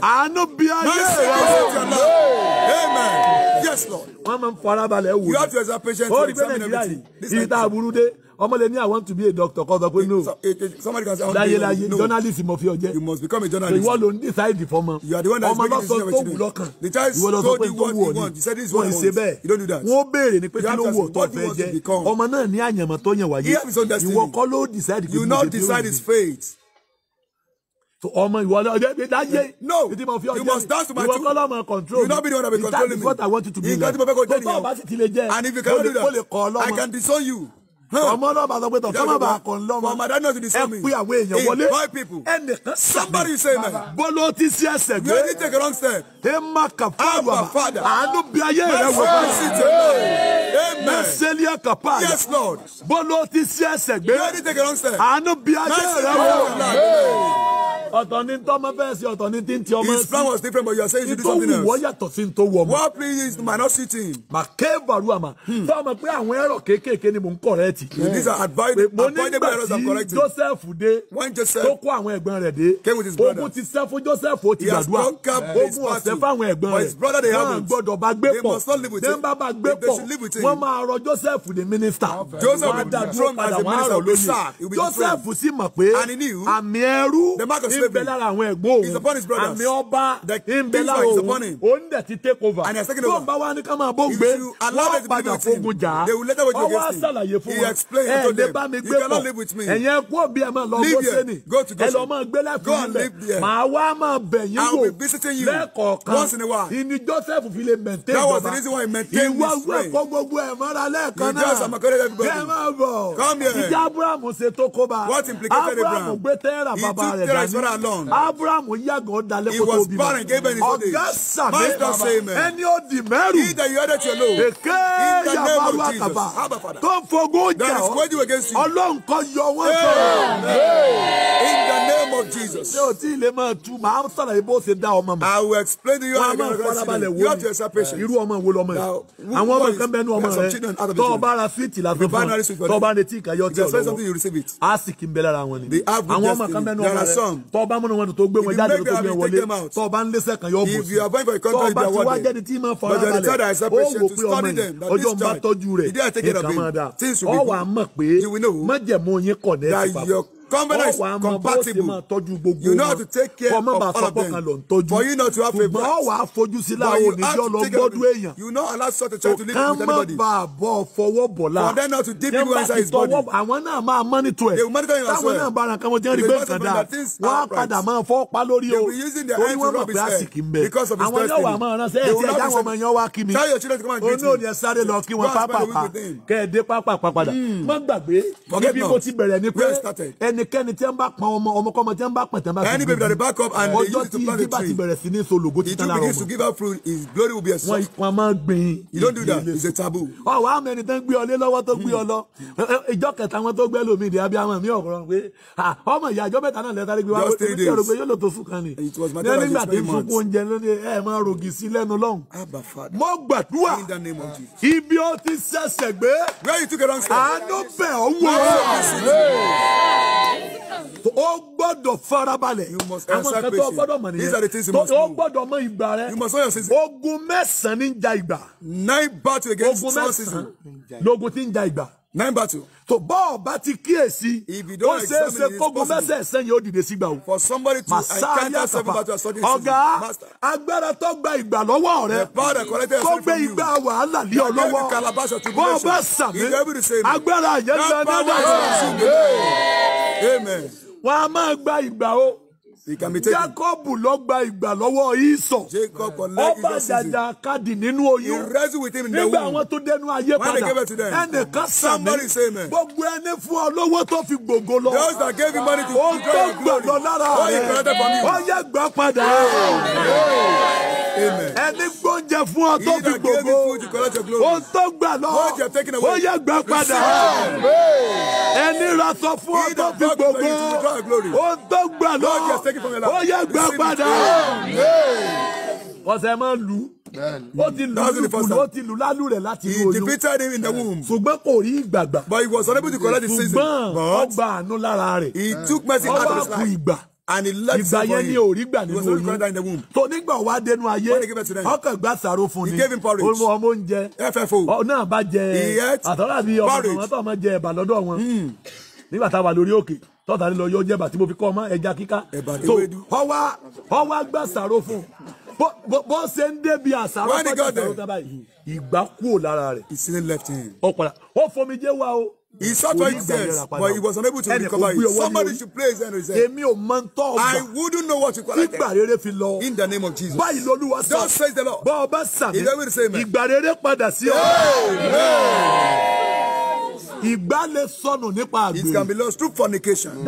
àánú bí ayé rẹ̀ wọ́n máa ń farabalẹ̀ wò ó rí bẹ́ẹ̀ nàìjíríà yìí ibi tá ọmọ lè ní i want to be a doctor kọ́ sọ pé no láyéláyé eh, eh, journalist mọ̀ fi ọ jẹ́ ìwọ ló ń decide fọmọ ọmọ lọ sọ tó wù lọ́kàn ìwọ lọ sọ pé tó wù ọ ni wọ́n ṣe bẹ́ẹ̀ wọ́n béèrè ni pé kí ló wù ọ tó fẹ́ jẹ́ ọmọ náà ní àyànmọ́ tó yàn wáyé ìwọ kọ́ ló decide pé mo ṣe tó wù to ọmọ ìwọ lọ ọjọ ìgbé láyé eh, no you must dance to my tune ìwọ control you no be the one that be controlling me that is what i want you to be like tó bá bá sì ti lè jẹ o lè kọ ọlọmọ i can disown you ọmọ náà bá sọ pé tọ kọ́mọ bá kọ́ ńlọ́mọ ẹ pé àwọn èèyàn wọlé ẹnìkan sàmì bọ́lọ́ ti sí ẹsẹ̀ gbé ẹ má kà fáwọn àmà àánú bí ayé rẹ wọ báyìí mẹsẹ̀lẹ̀ kà fáwọn bọ́lọ́ ti sí ẹsẹ̀ gbé àánú bí ayé rẹ wọ ọ̀tọ̀ ni tọ́ ọmọ fẹ́ sí ọ̀tọ̀ ni tí ti ọmọ sí. his plan was different but you are saying you did something else. ìtòwú wọ́n yàtọ̀ sí ní tó wọ̀ mọ́. what please my not sitting. mà ké bàrú àmà. sọ hmm. ma pé àwọn ẹ̀rọ kéékèèké ni mò ń correct correct. So these are advi- appointed by errors of correcting. Joseph dé. When Joseph. Tó kó àwọn ẹ̀gbọ́n rẹ̀ dé. Came with his brothers. Ogun ti sẹ́ fún Joseph ó ti gbàdúrà. He his battle. Ogun ọ̀sẹ̀ fáwọn ẹ̀gbọ́n rẹ̀. For his brother they haven't. Wọ́n gbọ́dọ̀ bá gbé They must not live with him. Bẹ́ẹ̀ bá bá gbé pọ̀. They should live with him. Wọ́n máa rọ Joseph the minister. Joseph will be thrown as a minister of Lisa. Joseph sì mọ̀ pé. And he knew. Àmì ẹrú. The mark of slavery. Ìbẹ̀ lára àwọn ẹ̀gbọ́n òun. He's upon his brothers. Àmì ọba. The king is upon him. Òun dẹ̀ ti take over. And he has taken over. Bọ́n bá wá ní ká máa bó gbé. If you allow them to be with him. They will later wait against him. Ọwọ́ àṣàlàyé fún wọn explain hey, unto them. You cannot live with me. Go to òbí Go and live there. Ẹ lọ máa gbé lẹ́kùn níbẹ̀. Màá wá máa bẹ̀ yín wò lẹ́kọ̀ọ̀kan. Ìní Joseph fi lè maintain bàbá. Ìwọ wẹ̀ kó gbogbo ẹ̀ mọ́ra lẹ́ẹ̀kan come Ẹ máa bọ̀. Ìjà Abraham he tó kó bá. Abraham gbé tẹ́rà bàbá rẹ̀ dání. Abraham yàgò dalẹ̀ kó tó bímọ. Ọ̀gá sàmé bàbá. Ẹni ó dì mẹ́rù. Èké yàgbá wà kàbà. Tó ń fogún kà ọ́ ọlọ́run kọ́ yọ wọ́n sọ̀rọ̀ name of Jesus. Ṣé o tí lè máa tu máa sọ̀rọ̀ ibo ṣe dá ọmọ mọ̀? I will explain to you how to get a vaccine. You have to accept patient. Irú ọmọ wo lọmọ yẹn? Àwọn ọmọ kan bẹnu ọmọ rẹ. Tọ́ ọba ara síìtì lásán fún ọ. Tọ́ ọba retí ìkàyọ̀ tí ọ̀dọ̀. A sì kí n bẹ lára wọn ni. Àwọn ọmọ kan bẹnu ọmọ rẹ. Tọ́ ọba múnú wọn tó gbé wọn jáde tó gbé wọlé. Tọ́ ọba ń lésẹ̀ kan yọ bùn wàá mọ̀ pé májẹ̀mú yín kọ̀ ní ẹ̀sìn papọ̀ government is compatible you know how to take care of all of them for you not to have a black ṣùgbọ́n wàá fojú sí láwọn oníṣẹ́ ọlọ́gbọ́dún you know allow such a child to live with anybody kàn má bàa fọwọ́ bọ̀ la for them not to dip people inside his body àwọn náà máa monitor ẹ̀ táwọn náà bá ara kan wọ́n ti rí pé nǹkan dáa wọ́n á padà máa fọ́ pa lórí o torí wọ́n mọ̀ pé àsìkí ń bẹ àwọn yóò wà máa ránṣẹ́ ẹ̀ tí ẹ̀já wọn máa yan wá kí mi oní òní ẹ sáré lọ kí wọn pápá kẹ́ẹ̀dé pápá padà má gbàgbé ibi mo ti bẹ̀rẹ̀ ni pé ẹni ẹnikẹ́ni tí wọ́n bá pọn ọmọ ọmọ kọ́mọ tí wọ́n bá pọn bá fi gbé. any baby that they back up and they to plant a tree. ọjọ́ tí igi bá ti bẹ̀rẹ̀ sí ní sologo títà lára ọmọ. if you to give out fruit his glory will be exalted. wọ́n máa gbìn. you don't do that it's a taboo. ọ̀ wá mẹ́rin tán gbé ọ lé lọ́wọ́ tó gbé ọ hmm. lọ ìjọ kẹta wọn tó gbẹ́ lómi ìdíyàbí àwọn mi ọ̀rọ̀ pé ọmọ ìyá àjọ mẹ́ta náà lẹ́tàrí gbé wá wọ́n ti rò pé yóò lò tó fún kan ni ní nígbà tí fúnpọ̀ oúnjẹ lónìí ẹ̀ máa rògì sí lẹ́nu lọ́hùn. mo gbàdúrà ibi ó ti ṣẹ̀ṣẹ̀ gbé àánú bẹ̀ ọ́ ó gbọ́dọ̀ farabalẹ̀ àwọn kan tó gbọ́dọ̀ mọ̀ nìyẹn tó ó gbọ́dọ̀ mọ ìgbà rẹ ogun mẹ́sàn-án ní ja ìgbà ogun mẹ́sàn-án lógun tí ń ja ìgbà tó bọ́ ọba ti kíyèsí ó ṣe é ṣe kógun mẹ́sẹ̀ sẹ́yìn ó dìde sígbà o. for somebody to encounter something that you are studying. ọ̀gá agbára tó gba ìgbà lọ́wọ́ rẹ tó gbé ìgbà wàhálà lé ọ lọ́wọ́ bọ́ ọba sàmì agbára yẹn lọ náà. wọ́n a máa gba ìgbà o. Jacob lọ gba ìgbà lọ́wọ́ Esau. Ọba dàda káàdì nínú oyún. Nígbà àwọn tó dẹnu ayé padà. Ẹnìkan sàmì. Gbogbo ẹni fún ọ lówó tó fi gbogbo lọ. Ó tó gbọ̀dọ̀ lára rẹ̀. Ó yẹ gbà padà ẹni gbóúnjẹ fún ọ tó fi gbogbo ohun tó gbà lọ ó yẹ gbà padà ẹni raṣọ fún ọ tó fi gbogbo ohun tó gbà lọ ó yẹ gbà padà kọsẹ̀ máa lu ó ti lù lù ó ti lù lálù rẹ̀ láti inú oyún. he defeated him in the womb. kò rí ìgbà gbà. but he was unable to collect the season. ọgbà àánú lára rẹ̀. he took mercy out life. ọba kù ìgbà and he left ìgbà yẹn ni òrí gbà nínú oyún tó nígbà wá dénú ayé ọkàn gbà sàrò fún ni ohun ọmọ oúnjẹ náà bá jẹ àtọ́lá ni ọmọ tó ọmọ jẹ ẹ̀bà lọ́dọ̀ wọn hmm. nígbà tá a wà lórí òkè tọ́ta ni lọ yọ jẹ́bà tí mo fi kọ́ ọmọ ẹja kíká so ọwá ọwá gbà sàrò fún bó ṣe ń débi àsàrò tó ti sàrò tábàyì ìgbà kúò lára rẹ̀ ó padà ó fomijé wa o. He sat for himself, but he was unable to recover it. Somebody should praise and reserve. I wouldn't know what to call it. Ìgbà In the name of Jesus. Báyìí lolúwa Just praise the Lord. He's ọba sàmì. Ìgbà "Hey, hey." Ìgbà lè sọnù nípa àgbèrè. It can be lost through fornication.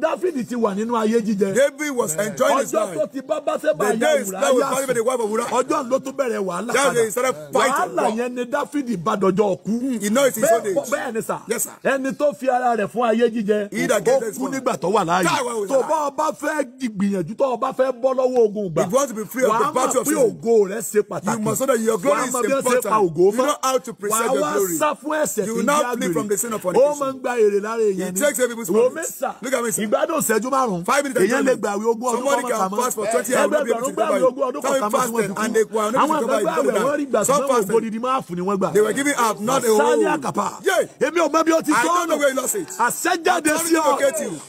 Dáfídì ti wà nínú ayé jíjẹ. David was enjoying his life. Ọjọ́ tó ti bá Báṣẹ́bà yá wùrà yá sùn. Ọjọ́ ló tún bẹ̀rẹ̀ wàhálà padà. Wàhálà yẹn ni Dáfídì bá dọjọ́ kú. Hmm, he know it's his own age. Bẹ́ẹ̀ ni sà. Yes sir. Ẹni tó fi ara rẹ̀ fún ayé jíjẹ. that gets his own. Ó kú nígbà tó wà láàyè. Tó bá ọba fẹ́ gbìyànjú tó ọba fẹ́ bọ́ lọ́wọ́ ogun gbà. If you want to be the battle of ògo rẹ̀ ṣe pàtàkì. You must know that is important. Wàá mọ̀ bí ó ṣe pa ògo mọ́. You know how to preserve your glory. Wàá wá sá fún ẹ̀ṣẹ̀ tó yá gbèrè from the sin of fornication. ó máa ń gba èrè lára èèyàn ni. he takes away people's profits. wo mẹ́sà ìgbádùn ìṣẹ́jú márùn-ún. five minutes èèyàn lè gbàwé ogún ọdún kọ́mọ kàmọ́. ẹgbẹ̀rún gbàwé ogún ọdún kọ́mọ kàmọ́. àwọn àgbàgbà wọ́n rí gbà sọ́wọ́ ògbódìdí máa fún ni wọ́n gbà. they were giving up not a whole. sani akapa. èmi ò mọ bí ó ti sọ àṣẹjáde sí ọ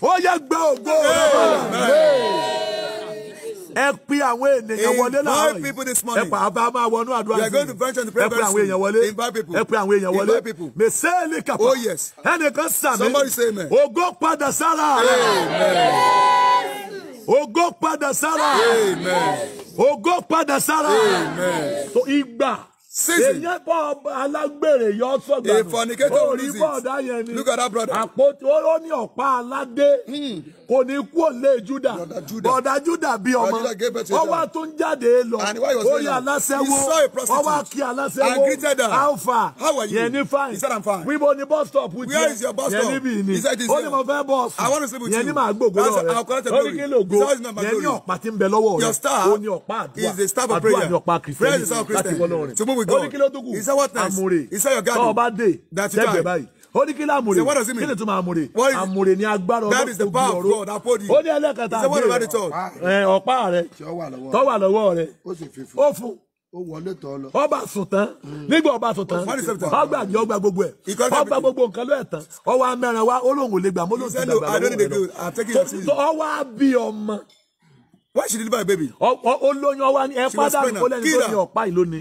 ó yẹ gbẹ ògbó ẹ pe àwọn ènìyàn wọlé láàárọ̀ yìí ẹ pa àbá máa wọnú àdúrà yìí ẹ pe àwọn èèyàn wọlé ẹ pe àwọn èèyàn wọlé mẹsẹ́ẹ̀lì kàpọ̀ oh, ẹnìkan sàmì ògo padà sára rẹ̀ ògo padà sára ògo padà sára so ìgbà èyàn bọ alágbèrè yọ sọgbà orí bọọdà yẹn ni àpótí ó ní ọ̀pá aládé. Hmm kò ní kú òlé Juda bọ̀dá Juda bí ọmọ ọwọ́ tó ń jáde lọ ó yà aláṣẹ́wó ọwọ́ kí aláṣẹ́wó how far yẹn ní fine wíbo ni bus stop wí tiẹ̀ yẹn níbi ni ó ní mo fẹ́ bus. yẹn ní màá gbògbó rẹ̀ ó ní kí ló go yẹn ní ọ̀pá tí ń bẹ lọ́wọ́ rẹ̀ ó ní ọ̀pá àdúrà àdúrà ní ọ̀pá kìrìsìtẹ́nì láti wọ́n lọ́rin ó ní kí ló dúkù amúre tọ́ ọ bá dé lẹ́gbẹ̀ẹ́ báyìí ó ní kí ló àmúre kí lè tún máa àmúre àmúre ní agbára ọlọ́run ó ní ẹlẹ́kẹta àgbèrè ọ̀pá rẹ̀ tọ́wà lọ́wọ́ rẹ̀ ó fún ọba sùn tán mm. nígbà ọba sùn tán ọgbà ni ọgbà gbogbo ẹ ọgbà gbogbo nǹkan ló ẹ tán ọwọ amẹran wa olóhùn ò lè gbà mọ lóhùn ti dàgbà lọ́wọ́ rẹ̀ lọ ọwọ àbí ọmọ Why she deliver a baby? Ó lóyún ọwá ní ẹ padà ó lẹ́nu tó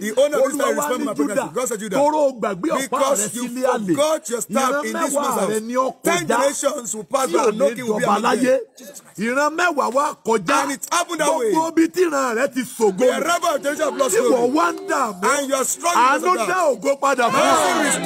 The owner of this time is from my pregnancy. God said Judah. Because you forgot your staff in this man's house. Ten generations will pass by and no king will be among them. Ìran mẹ́wàá wá And it happened that way. The arrival of generation of lost glory. And you are struggling with that. Àánú dá ògo padà fún ọ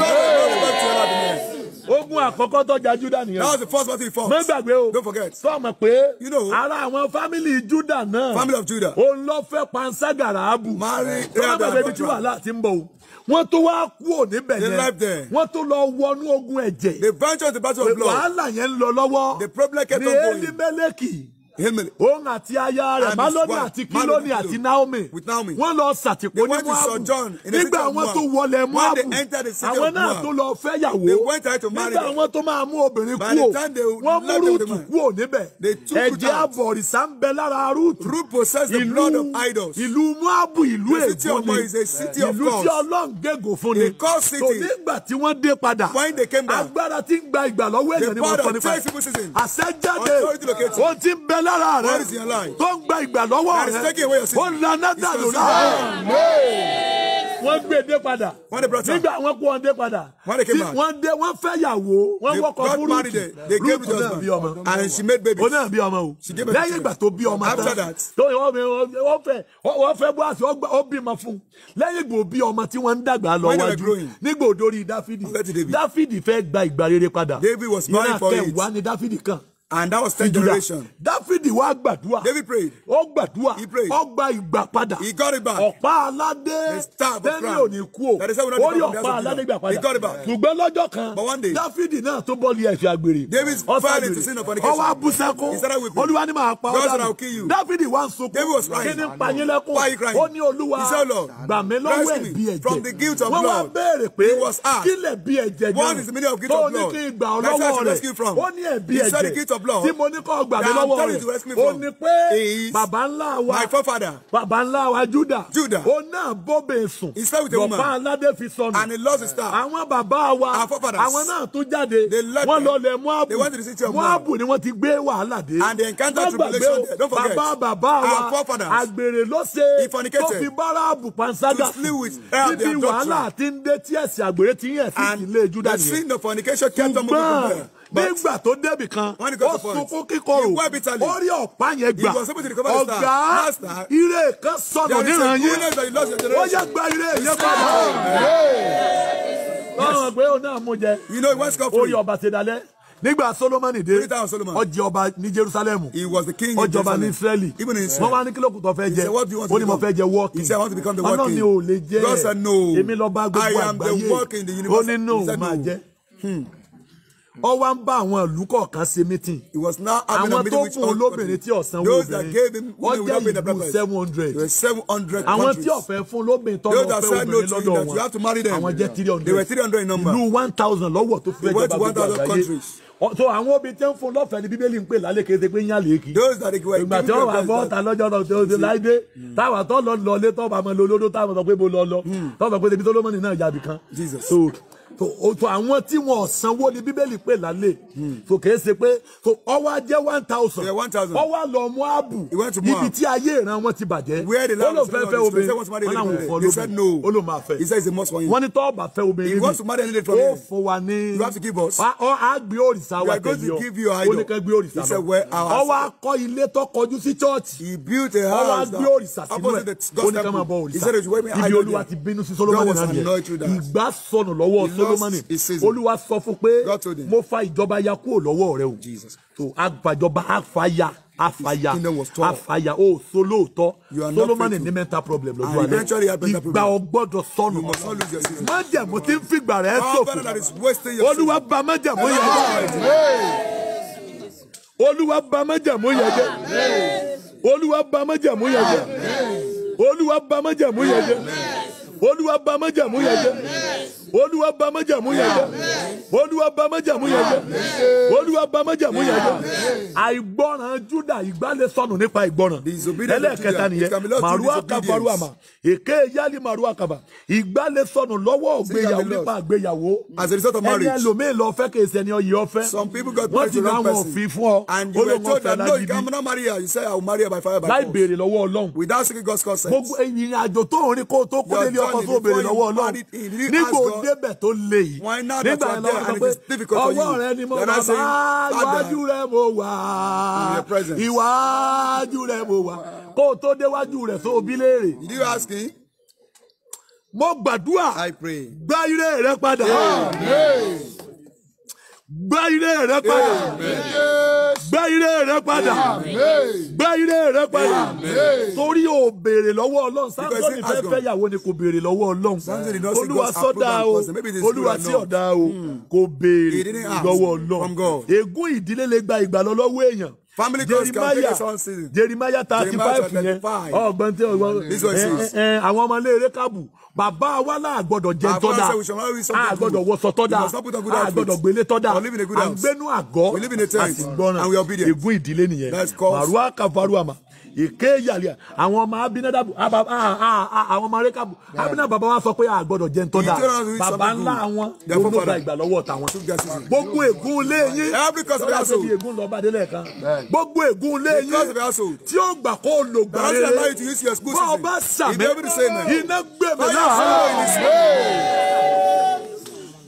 ogun àkọ́kọ́ tó jà Júdà nìyẹn. that was the first battle he fought. má gbàgbé o. don't forget. sọ ma pé. you know. ara àwọn family Júdà náà. family of Judah. òun lọ fẹ́ panṣágàrà abu. mari ẹ̀ àgbà àgbà tí wàhálà ti ń bọ̀ o wọ́n tó wá kúrò níbẹ̀ yẹn wọ́n tó lọ wọnú ogun ẹ̀jẹ̀. the venture of the battle of blood. wàhálà yẹn ń lọ lọ́wọ́. the problem kept on going. ní elimeleki òun àti aya rẹ̀ maloni àti kiloni àti naomi wọ́n lọ ṣàtìpó ní moabu nígbà àwọn tó wọlé moabu àwọn náà tó lọ fẹ́yàwó nígbà àwọn tó máa mú obìnrin kú o wọ́n mú rúùtù kú o níbẹ̀ ẹ̀jẹ̀ abọ̀rìṣà ń bẹ lára rúùtù ìlú ìlú moabu ìlú ègbó ni ìlú tí ọlọ́run gégùn fún ni tó nígbà tí wọ́n dé padà agbára tí ń gba ìgbà lọ́wọ́ èèyàn ni wọ́n kọ́ nípa àṣẹ jáde ó ti ń bẹ lára rẹ tó ń gba ìgbà lọ́wọ́ rẹ ó lana dànù náà wọ́n gbé dé padà. wọ́n de brother. nígbà wọ́n kó wọn dé padà. wọ́n de kébà. wọ́n dé wọ́n fẹ́ yàwó. wọ́n wọ́kọ̀ fún rúùtù. rúùtù náà bí ọmọ. and she made babies. o náà bí ọmọ o. she gave birth to lẹ́yìn ìgbà tó bí ọmọ tán. after that. tó yẹ wọ́n wọ́n fẹ́ wọ́n fẹ́ bó àti ó bímọ fún. lẹ́yìn ìgbà òbí ọmọ tí wọ́n ń dàgbà lọ wájú. nígbà òdòrí dáfídì. dáfídì fẹ́ gba ìgbà rere padà. David was married for it. ìrìnàkẹ́ wá ni dáfídì kan and that was third generation. dáfídì wá gbàdúrà. David prayed. ó gbàdúrà. he prayed. ó gba ìgbà padà. he got it back. ọ̀pá aládé. the star of crown. tẹ́lẹ̀ ò ní kú o. that is why we don't have to ọ̀pá aládé gbà padà. he got it back. ṣùgbọ́n lọ́jọ́ kan. but one day. dáfídì náà tó bọ́ lé ẹ̀fẹ̀ àgbèrè. David fell into sin of fornication. ọwọ́ abusaku. he started weeping. olúwa ni màá pa ọ́ dànù. dáfídì wá ń David was crying. why he crying? he said lord. gbàmí lọ́wọ́ ẹ̀bi ẹ̀jẹ̀. from the guilt of blood. wá béèrè pé. he was asked. kílẹ̀ is the meaning of guilt of blood? tó ní kí n gbà ọ he said the guilt of blood. Tí mo ní kó gbà mí lọ́wọ́ rẹ̀. Ó ní pé bàbá ńlá wa. My forefather. Bàbá ńlá wa Júdà. Júdà. Ó náà bóbe sùn. He slept with a woman. Bàbá aládé fi sọnù. And he lost his star. Àwọn bàbá wa. Our forefathers. Àwọn náà tún jáde. They left. Wọ́n lọ lẹ̀ Moabu. They went to the city of Moab. Moabu ni wọ́n ti gbé wàhálà dé. And they encountered tribulation there. Don't forget. Bàbá bàbá wa. Our forefathers. Àgbèrè ló ṣe. He fornicated. Tó fi Báráàbù panṣágà. To sleep with help their doctrine. Níbi wàhálà ti ń dé tí ẹ̀sìn àgbèrè ti ń yẹ̀ sí ilé Júdà nìyẹn. And the sin of fornication kept on moving from there nígbà tó débì kan ó sunkún kíkorò ó rí ọ̀pá yẹn gbà ọ̀gá ire kan sọnù níran yín ó yẹ gba ire yẹn padà lọ́rùn pé ó náà mú jẹ. he was comfortable. orí ọba ṣe dalẹ̀. nígbà solomoni dé ó ọba ní jerusalemu ó ọba ní israeli wọn wá ní kílókù tó fẹ́ jẹ ó ní mo fẹ́ jẹ wọọkì ọlọ́run ni ò lè jẹ èmi lọ bá gbogbo àgbáyé ó ní no máa jẹ. Hmm ó wá ń bá àwọn ìlú kọ̀ọ̀kan ṣe meeting. he was now having a meeting with all countries. àwọn tó fún olóbìnrin tí ọ̀sán wo obìnrin wọ́n jẹ́ ìlú seven hundred. there were seven hundred countries. àwọn tí ọ̀fẹ́ fún olóbìnrin tọ́lọ́ ọ̀fẹ́ obìnrin lọ́dọ̀ wọn àwọn jẹ́ three hundred. they were three hundred in number. ìlú one thousand lọ́wọ́ tó fẹ́ jọba gbogbo àgbáyé so àwọn obì tí ń fún lọ́fẹ̀ẹ́ ni bíbélì ń pè lálẹ́ kéde pé yàn léèkì ìgbà tí wọ́n wà fọ́ ta lọ́jọ́ náà tó ti láìdé hmm. táwa tó lọ lọlé tó bá mọ lọ lódó táwọn sọ pé mo lọ lọ hmm. tó sọ pé tèmi tó lọ́mọ́nì náà yàbí kan so so àwọn tí wọn sanwó ni bíbélì pè lálẹ́ hmm. so kìí ṣe pé so ọwọ́ jẹ́ one thousand one thousand ọwọ́ lọ mú ààbù ibi tí ayé ìran wọn ti bàjẹ́ olùfẹ́fẹ́ obìnrin wọn làwọn fọ lóbìnrin olùmọ̀fẹ́ wọn ni tọ́ọ̀bà fẹ́ obìnrin ni ó fún wa ní ọ á gbé òrìṣà wa tẹ̀lé ọ oníkan gbé òrìṣà náà ọwọ́ akọ ilé tó kọjú sí chọ́ọ̀chì ọwọ́ agbé òrìṣà sínú ẹ̀ oníkan máa bọ òrìṣà ibi olúwa ti bínú sí solomoni náà yẹ ìgbà sọnù lọ́wọ́ sọ Solomoni olúwa sọ fún pé mo fa ìjọba ya kúrò lọ́wọ́ rẹ o so agbàjọba àfàyà àfàyà àfàyà o so lóòótọ́ Solomoni ní mental problem lọ́jọ́ alẹ́ ìgbà ọgbọ́dọ̀ sọnù májẹ̀mú tí ń fìgbà rẹ̀ sọ̀kù olúwa bà májẹ̀mú yẹn jẹ́ olúwa bà májẹ̀mú yẹn jẹ́ olúwa bà májẹ̀mú yẹn jẹ́ olúwa bà májẹ̀mú yẹn jẹ́ olúwa bà májẹ̀mú yẹn jẹ́ olúwa bá májẹ̀mú yẹn jẹ́ olúwa bá májẹ̀mú yẹn jẹ́ olúwa bá májẹ̀mú yẹn jẹ́ àìgbọràn júdà ìgbàlẹ̀ sọnù nípa ìgbọràn ẹlẹ́ẹ̀kẹta nìyẹn màrúwà kábàrú àmà èké yálì màrúwà kàbà ìgbàlẹ̀ sọnù lọ́wọ́ ògbéyàwó nípa àgbéyàwó ẹni ẹlòmíì lọ fẹ́ kì í ṣe ẹni ọyẹ ọfẹ́ wọ́n ti náà wọ́n fi fún ọ olóńgbò fẹ́ lábìbí láì béèrè lọ́wọ́ ọlọ́run gbogbo ìrìn àjò tó ń rí kó tó kó lé ní ọkọ̀ tó béèrè lọ́wọ́ ọlọ́run nígbò débẹ̀ tó le yìí nígbà yẹn lọ́wọ́ sọ pé ọwọ́ rẹ ni mo wà bá iwájú rẹ mo wà iwájú rẹ mo wà kó o tó déwájú rẹ tó o bí léèrè. Did you ask him? mo gbàdúrà gba ire rẹ padà. Yeah. Yeah gbá ire rẹ padà gbá ire rẹ padà gbá ire rẹ padà torí o béèrè lọ́wọ́ ọlọ́run samson fẹ́ fẹ́ yàwó ni kò béèrè lọ́wọ́ ọlọ́run olúwa sọ́dà o olúwa tí ọ̀dà o kò béèrè lọ́wọ́ ọlọ́run ègún ìdílé lè gba ìgbàlọ́ lọ́wọ́ èèyàn family goals competition season Jeremiah thirty five yẹn ọgbọ́n tí ọgbọ́n mm-hmm. eh, eh, eh, àwọn ọmọ iléeré kábù bàbá wa náà gbọ́dọ̀ jẹ tọdà a gbọ́dọ̀ wọṣọ tọdà a gbọ́dọ̀ gbélé tọdà à ń gbénú àgọ́ àti gbọràn ègún ìdílé nìyẹn màrúwá kàfàrúwà máa ìké yàlẹ àwọn ọmọ abinadabu àwọn ọmọ arekabu abinadabu bàbá wa sọ pé a gbọ́dọ̀ jẹ ntọ́ da bàbá ńlá wọn ló ló gba ìgbà lọ́wọ́ tàwọn gbogbo ègún léyìn lọ́wọ́ sẹ́bi ègún lọ́ba délẹ̀ kan gbogbo ègún léyìn tí ó gbà kó lò gbà rere bọ́ọ̀ bá sàmẹ́ iná gbẹ̀mẹ̀ náà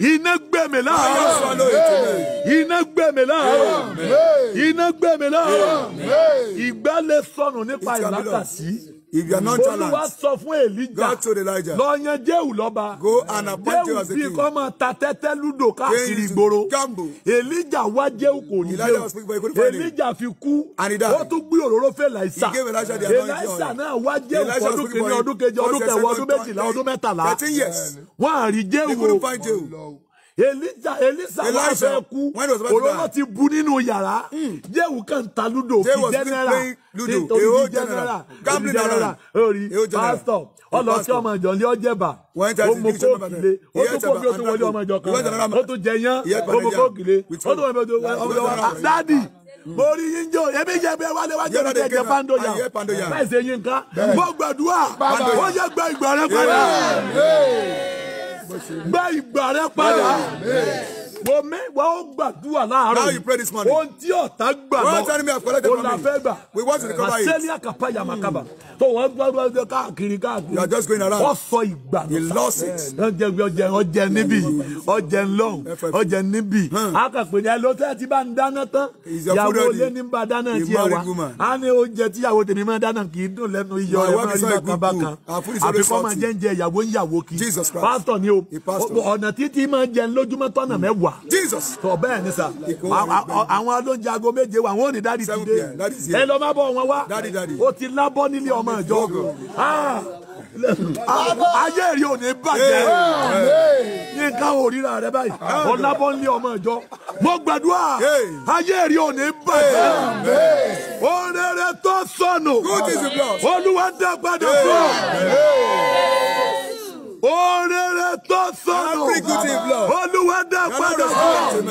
iná gbẹ̀mí láàárọ̀ iná gbẹ̀mí láàárọ̀ iná gbẹ̀mí láàárọ̀ ìgbà lè sọnù nípa ìlàkàsí. If you are not talented, Olúwa sọ fún Elijah. Go to Elijah. Lọ yan Jéhù lọ́ba. Go and appoint Jéhù as a king. Jéhù bí kọ́ máa ta tẹ́tẹ́ lúdò káàkiri ìgboro. Gamble. Elijah wá Jéhù kò ní Jéhù. Elijah fi kú. And he died. Ó tún gbé òróró fẹ́ Elisa. He the anointing oil. Elisa náà wá Jéhù ọdún kìíní ọdún kejì ọdún kẹwàá ọdún méjìlá ọdún mẹ́tàlá. Thirteen years. Wọ́n á rí Jéhù o. They couldn't elija elisa wà fẹ́ kú olóńgbò ti bu nínú yàrá hmm. jéhu kan ta ludo fi jẹnẹra nítorí jẹnẹra gambling jẹnẹra orí pásítọ̀ ọlọsí ọmọ ìjọ ní ọjẹba ó mú kóòkìlé ó tún kóòkìlé ó tún wọlé ọmọ ìjọ kan ó tún jẹyán ó mú kóòkìlé ó tún wọlé ọmọ ìjọ kan dádì mori yín jó ebi jẹ bẹ wálé wájú ọdún ẹjẹ pandoya bẹẹ sẹ yín ká gbọgbàdúrà ó yẹ gbẹ ìgbà rẹ padà gbá ìgbà rẹ padà wo mẹ wa ó gbàdúrà láàárọ̀. now you pray this morning. ohun tí ọ̀tá gbà lọ. one time we have collected from you. olùlàfẹ́ gbà. we want to recover it. àṣẹ́lẹ̀ àkàpà yàmàkàbà. Hmm. tó wọ́n gbọ́dọ̀ ọjọ́ káàkiri káàkiri. you are just going around. wọ́n sọ ìgbà lọ. he lost it. ọjẹ ọjẹ ọjẹ níbí ọjẹ ńlọ ọjẹ níbí. Hmm. akàpè ni ẹlòtẹ́ ti bá ń dáná tán. ìyàwó ilé ní bá dáná tiẹ̀ wa. a ní oúnjẹ tíyàwó tèmi máa dáná kì í dùn lẹ́nu iyọ̀ ẹ̀ máa rí bákan bákan. àfikún máa jẹ́ ń jẹ ìyàwó ń yàwó kì í. pásítọ̀ ni o ọ̀nà títí máa jẹ lójúmọ́ tọ́nà mẹ́w wà. Jesus. Tọ́ bẹ́ẹ̀ ni sà. Àwọn alóúnjẹ aago méje wà, wọ́n ò ní dáàdi ti dé. Ẹ lọ má bọ̀ wọn wá. O ti lábọ́ nílé ọmọ ìjọ. Ah. Ah, ayé rí ò ní bàjẹ́. Yínká ò ríra rẹ báyìí. Ah. O lábọ́ nílé ọmọ ìjọ. Mo gbàdúrà. Ayé rí ò bàjẹ́. Orere tó sọnù. Olúwa dá Orere tó sọnù. Olúwa dá padà bọ̀.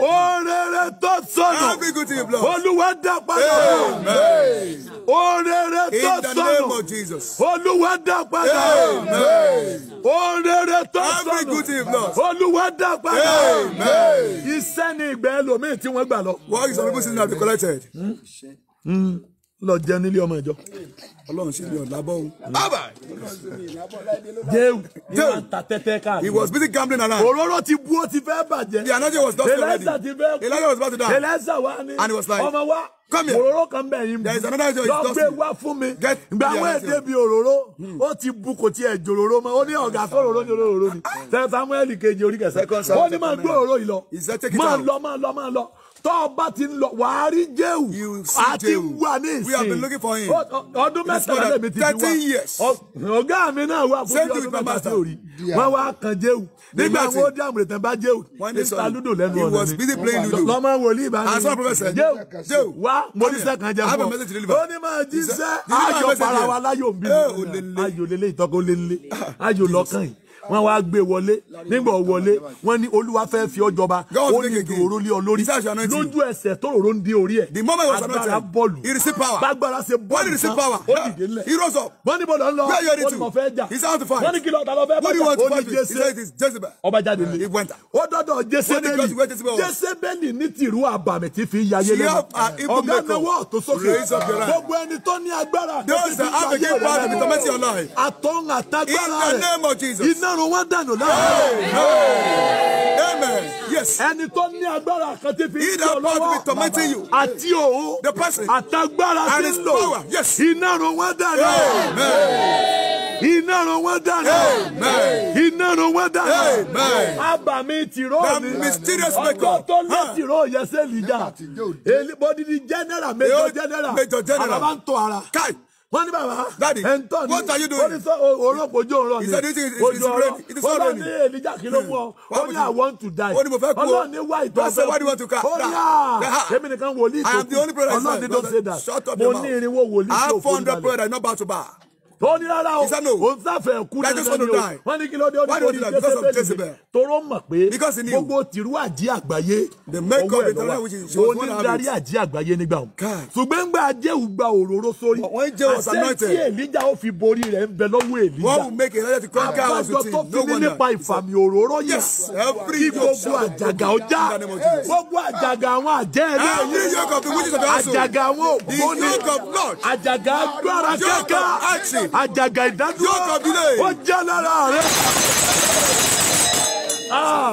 Orere tó sọnù. Olúwa dá padà bọ̀. Orere tó sọnù. Olúwa dá padà bọ̀. Orere tó sọnù. Olúwa dá padà bọ̀. Iṣẹ́ ni ìgbẹ́ ẹlòmíì tí wọ́n gbà lọ. What is some people saying that they collected? Hmm? Hmm lọ jẹ nílé ọmọ ìjọ. Ọlọ́run sì lè ọ lábọ o. bàbá jéhu jéhu he was busy gambling around. òróró ti bu ó ti fẹ́ bàjẹ́. the anointing was not so ready. eleza ti fẹ́ kú eleza was about to die. eleza wa ni ọmọ wa òróró kan bẹ̀ yín bu lọ gbé wá fún mi gba àwọn èdè bíi òróró hmm. ó ti bu kò tiẹ̀ jòróró mọ́ ó ní ọ̀gá tó òróró ní òróró ni tẹ Samuel kejì orí kẹsẹ̀ ó ní máa gbé òróró yìí lọ máa lọ máa lọ máa lọ tọ́ ọba ti ń lọ wàá rí jéhu àti wà ní ìsìn ọdún mẹ́tàlá lèmi ti fi wá ọ̀gá mi náà wà fún ọdún mẹ́tàlá sí orí wọ́n wá kan jéhu nígbà tí wọ́n dí àmúrè tán bá jéhu níta lúdò lẹ́nu ọ̀nà mi lọ́mọ wòlíì bá ní jéhu wá mo ní sẹ́kàn jẹ́ fún ọ ó ní máa jí sẹ́ ayọ̀ para wa láyò ń bí oh, ayò lélẹ́yìí tọ́kọ lélẹ́ ah, ayò lọ́kàn yìí wọ́n wá gbé wọlé nígbà wọlé wọ́n ní olúwa fẹ́ fi ọjọba ó ní ìdòwòrò lé ọ lórí lójú ẹsẹ̀ tó rò ń di orí ẹ̀ agbára bọ́ọ̀lù bágbára ṣe bọ́ọ̀lù tán ó dìde lẹ̀ wọ́n ní bọ́ọ̀lù ọ̀nlọ ó ní mọ̀ fẹ́ jà wọ́n ní kí lọ́ọ̀tà lọ́ọ́ fẹ́ bọ́ọ̀lù ó ní jẹ́sẹ̀ ọba jáde lé ó dọ́dọ̀ jẹ́sẹ̀ jésébélì ní tìrú àbàmì tí fi yayé lẹ́nu ọ̀gá náwó tó sókè gbogbo ẹni tó ní agbára tó ti fi yayé rẹ̀ lẹ́nu àtọ̀hún àtagbára rẹ̀ iná ọlọ́run wọn dànù láàárọ̀. Ẹni tó ní agbára kan ti fi ń jọ lọ́wọ́ àti òun àtagbára ti ń lò iná run wọn dànù. Iná run wọn dànù. Iná run wọn dànù. Abàmì tìró mi. Ọjọ́ tó lé tìró yẹsẹ̀ lìjà. Bodidi jẹ́nẹ́rà méjọ jẹ́nẹ́rà. Àbábá ń tọ́ ara wọ́n ní bàbá ẹ̀ńtọ́ ni ó ní sọ olókojó ń rọ ni ojú ọ̀rọ̀ wọ́n bá ní èlíjà kí ló hmm. mú ọ ó ní I want to die ọlọ́run ní wá ìtọ́ fẹ́ kú ó ní à ah, èmi nìkan wòlíì tó kù ọlọ́run ní don't say that mo ní irinwó wòlíì tó kù nígbà lọ ó ní rárá o òun sáfẹ́ kú dandan ni o wọ́n ní kí ló dé ó ní kí ló dé Jezebel toró mọ̀ pé gbogbo tìrú àjí àgbáyé owó ẹ̀ lọ́wọ́ onídarí àjí àgbáyé nígbà o ṣùgbọ́n gba ajéhu gba òróró sórí àṣẹ tí Èlíjà ó fi borí rẹ̀ ń bẹ lọ́wọ́ Èlíjà àbájọ tó fi ní nípa ìfàmì òróró yẹn kí gbogbo àjàgà ọjà gbogbo àjàgà àwọn àjẹ́ ẹ̀rẹ́ àjàgà àwọn ògbóni àjàgà agbára kẹ́kẹ́ àjàgà ìdádúró ó jẹ́ lára rẹ. Ah.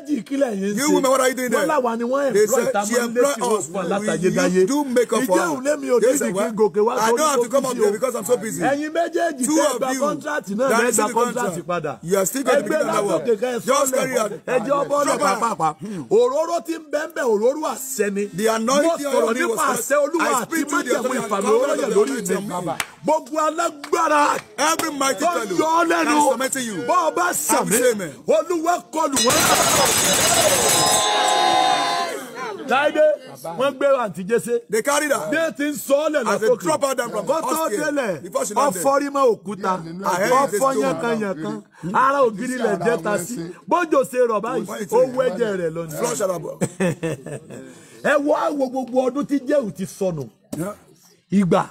méjì kílẹ̀ yín sí. you women what are you doing there. wọ́n làwọn ni wọ́n employ ìtàmọ́ létí òkun látàyédáyé. ìjẹ́ òun lémi ò ní ìdíkì gòkè wá sórí tó bí sí o. Ah, ẹ̀yin méjèèjì tẹ́ gba kọ́ńtrátì náà lẹ́ gba kọ́ńtrátì padà. ẹgbẹ́ látòkè ká ẹ sọ́ọ̀lẹ̀ ẹjẹ́ ọbọ̀ ọ̀nà pàápàá. òróró ti ń bẹ́ńbẹ́ òróró àṣẹ ni. mo sọ̀rọ̀ nípa àṣẹ olúwa àti májẹ̀mú ìfàmì olóyè lórí ìdè gbogbo alágbára tó yọ ọ lẹ́nu bọ́ọ̀ bá sàmì olúwa kọlù wọn láìdé wọ́n gbé àǹtí jésè. they carried her. bí ti ń sọ ọ́ lẹ̀ lọ́kọ̀ọ́kì. as they drop her down from hospital. kótó délẹ̀ ọ̀fọ́rímọ̀ òkúta ọ̀fọ́ yankanyankan hmm? hmm? ara ògiri lẹ̀ jẹ́ ta sí hmm? bójò ṣe rọ̀ báyìí ó wọ ẹ̀jẹ̀ rẹ̀ lọ ni. ẹ wọ àwọ gbogbo ọdún tí jẹ́ù ti sọnù ìgbà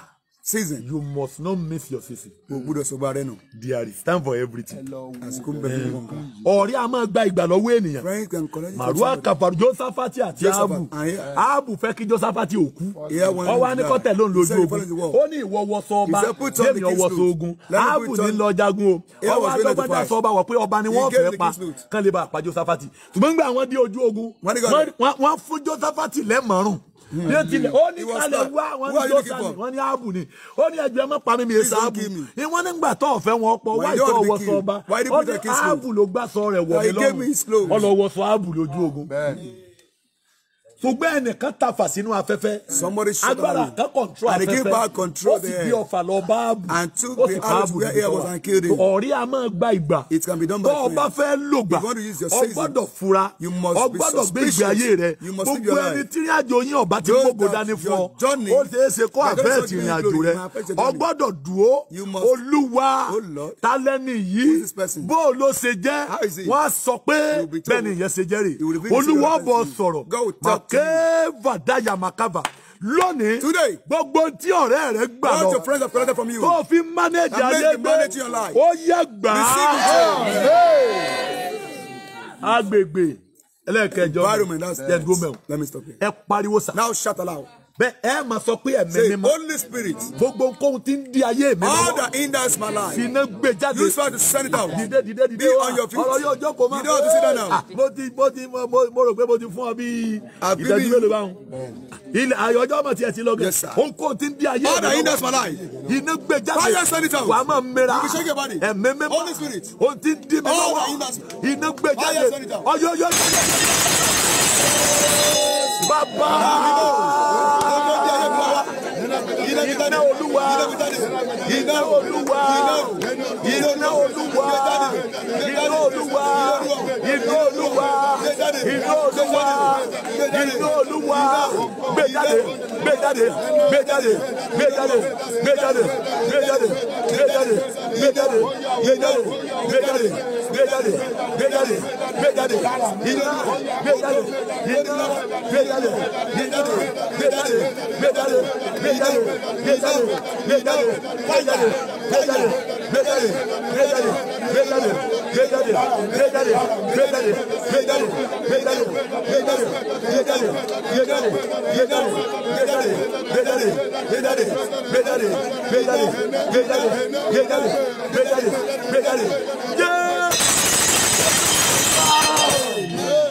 season. you must not miss your season. o gbúdọ̀ sọgbà rẹ nù. there is time for everything. àsìkò ń bẹ fún wọn kan. ọ̀rẹ́ a máa gba ìgbà lọ́wọ́ ènìyàn. màrúwà kàfàrú jọ́sáfàtì àti ààbù ààbù fẹ́ kí jọ́sáfàtì ò kú. ọwọ́ anikọ́tẹ̀ ló ń lójú ogun ó ní ìwọ wọṣọ ọba jẹ́mi ọwọ́sọ ogun ààbù ní lọ jagun o ọwọ́ adọ́gbàdà sọ ọba wọ̀ pé ọba ni wọ́n fẹ́ pa kán lè bá pa jọ́sáfàtì ṣùgbọ́n gbà wọ́n dé ojú ogun wọ́n fún jọ́sáfàtì lẹ́mọ̀ọ́rùn ní o tilẹ̀ ó ní kalẹ̀ wá wọn ní ló sani wọn ní ààbò ni ó ní ẹgbẹ́ mọ́ pa mi mi èsì ààbò ni wọ́n nígbà tó ọ̀fẹ́ wọn pọ̀ wá ìtọ́ ọwọ́ sọ ọba ó ààbò ló gbà sọ rẹ̀ wọ̀ mí lọ́rùn sọ ààbò lójú ogun ṣùgbọ́n ẹnìkan tafà sínú afẹ́fẹ́ agbára kan control afẹ́fẹ́ ó sì bí ọfà lọ báàbù ó sì báàbù nìkan ọ̀rí a máa gba ìgbà bọ́ ọba fẹ́ lògbà ọgbọ́dọ̀ fura ọgbọ́dọ̀ gbé ìgbé ayé rẹ gbogbo ẹni tí ní àjò yín ọba ti gbogbo dání fún ọ ó ṣe é ṣe kó àfẹ́ẹ̀tì ìrìn àjò rẹ ọgbọ́dọ̀ dúró olúwa oh, tálẹ́nì yìí bó o ló ṣe jẹ́ wọ́n á sọ pé bẹ́ẹ̀ ni ìyẹn ṣe jẹ́ rè olúwa bọ̀ sọ̀rọ̀ kévàdáyà màkàvà lónìí today gbogbo tí ọ̀rẹ́ rẹ gbà lọ all your friends have collected from you tó fi manage ayé gbé ó yẹ gbà á agbègbè ẹlẹ́kẹjọ environment ẹ pariwo sa now shout aloud bẹ́ẹ̀ ẹ máa sọ pé ẹ̀mí mi mọ́. say holy spirit. gbogbo nkóhun tí ń di ayé mi mọ́. all that hinders my life. finá gbé jáde. use fire to send it out. dìde dìde dìde wa ọ̀rọ̀ yóò jókòó máa. you don't have to sit down ah, ti mo ti mo rò pé mo ti fún ọ bí ìdájú mélòó báwọn. ilẹ̀ ayọ̀ ọjọ́ ọmọ tiẹ̀ ti lọ gẹ̀. nkóhun tí ń di ayé mi mọ́. all gbé jáde. wàá máa mẹ́ra. you can mọ́. ohun tí ń di mi lọ́wọ́. iná gbé jáde. ọyọ́ yóò Baba. iná olúwa iná olúwa iná olúwa iná olúwa iná olúwa iná olúwa iná olúwa gbé jáde gbé jáde gbé jáde gbé jáde gbé jáde gbé jáde gbé jáde gbé jáde gbé jáde gbé jáde gbé jáde gbé jáde gbé jáde iná gbé jáde iná gbé jáde gbé jáde gbé jáde gbé jáde. Yeah!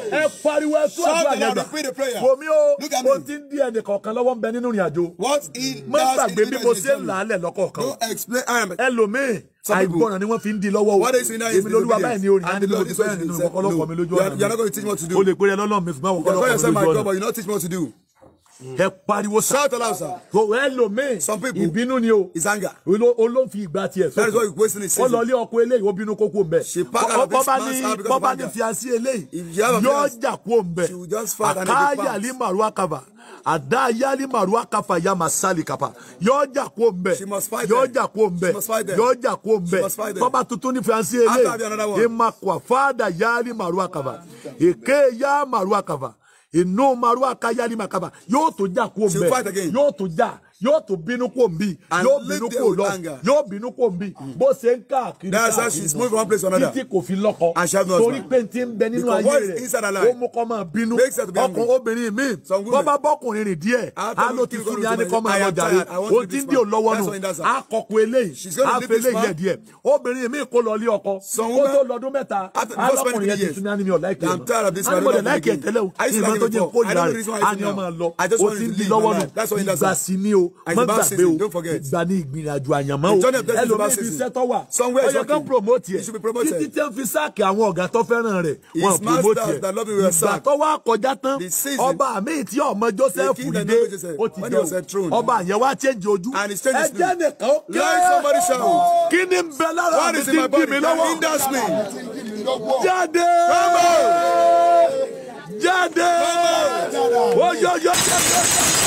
ẹ pariwo ẹ tún àdúrà yàgbà bomi o o ti ń di ẹnì kọ̀ọ̀kan lọ́wọ́ ń bẹ nínú ìrìn àjò má gbàgbé bí mo ṣe ń là á lẹ̀ lọ́kọ̀ọ̀kan ẹlòmíì àìgbọràn ni wọ́n fi ń di lọ́wọ́ o èmi lóluwa báyìí ni orin á nílò ìfẹ́ nínú ọkọ̀ mi lójú ọ̀nà o lè pèrè lọ́lọ́ mi fún báwọn ọkọ̀ ọlọ́kọ̀ mi lójú ọ̀nà ẹ pariwo sa to ẹlòmíì ìbínú ni o olófin ìgbà tiẹ̀ sọ́kù ó lọ lé ọkọ eléyìí ó bínú kókó mbẹ bọ́bá ní bọ́bá ní fiancé eléyìí yóò jà kó mbẹ àkáyàlí màrúwá kaba àdá yálí màrúwá kafa ya ma sálì kapa yóò jà kó mbẹ yóò jà kó mbẹ yóò jà kó mbẹ bọ́bá tuntun ní fiancé eléyìí ìmàkùn fada yálí màrúwá kaba èké yá màrúwá kaba ìnú maruwa káyálí yóò tó jà kó mbẹ yóò tó jà yóò tún bínú kò ń bí yóò bínú kò lọ yóò bínú kò ń bí mm. bó ṣe ń káàkiri káàkiri lọ títí kò fi lọ́kọ torí pé ti ń bẹ nínú ayé rẹ̀ ó mú kọ́ máa bínú ọkùnrin obìnrin mi bọ́ bá bọ́kùnrin rìn díẹ̀ á ló ti fún mi á ní kọ́ máa lọ jàre o ti ń dí òlọ́wọ́ nù á kọkùn eléyìí á fẹ́ eléyìí yẹ díẹ̀ obìnrin mi kò lọ lé ọkọ kó tó lọ́dún mẹ́ta á lọ́kùnrin yẹn ti fún mi á ní mi ọ̀ láìkè ẹ̀ láìkè ẹ̀ tẹ́lẹ̀ o ìmọ̀ tó jẹ́ kó yàrá àni ọmọ lọ o ti ń dí lọ́wọ́ nù ìgbà sí ni o o má gbàgbé o ìgbà ní ìgbìyànjú àyànmọ́ o ẹlòmíì fi sẹ́tọ̀ wà ọyọ kan promote yẹ títí tẹ́ fi sáàkì àwọn ọ̀gá tó fẹ́ràn rẹ̀ wọn promote yẹ ìgbà tó wá kọjá tán ọba mi tí ọmọ Joseph ìdè ó ti dé o ọba yẹn wá change ojú ẹ nìkan ó kẹ́ kí ni ń bẹ lára mi tí ń dì lọ́wọ́ jáde jáde oyoyo jáde.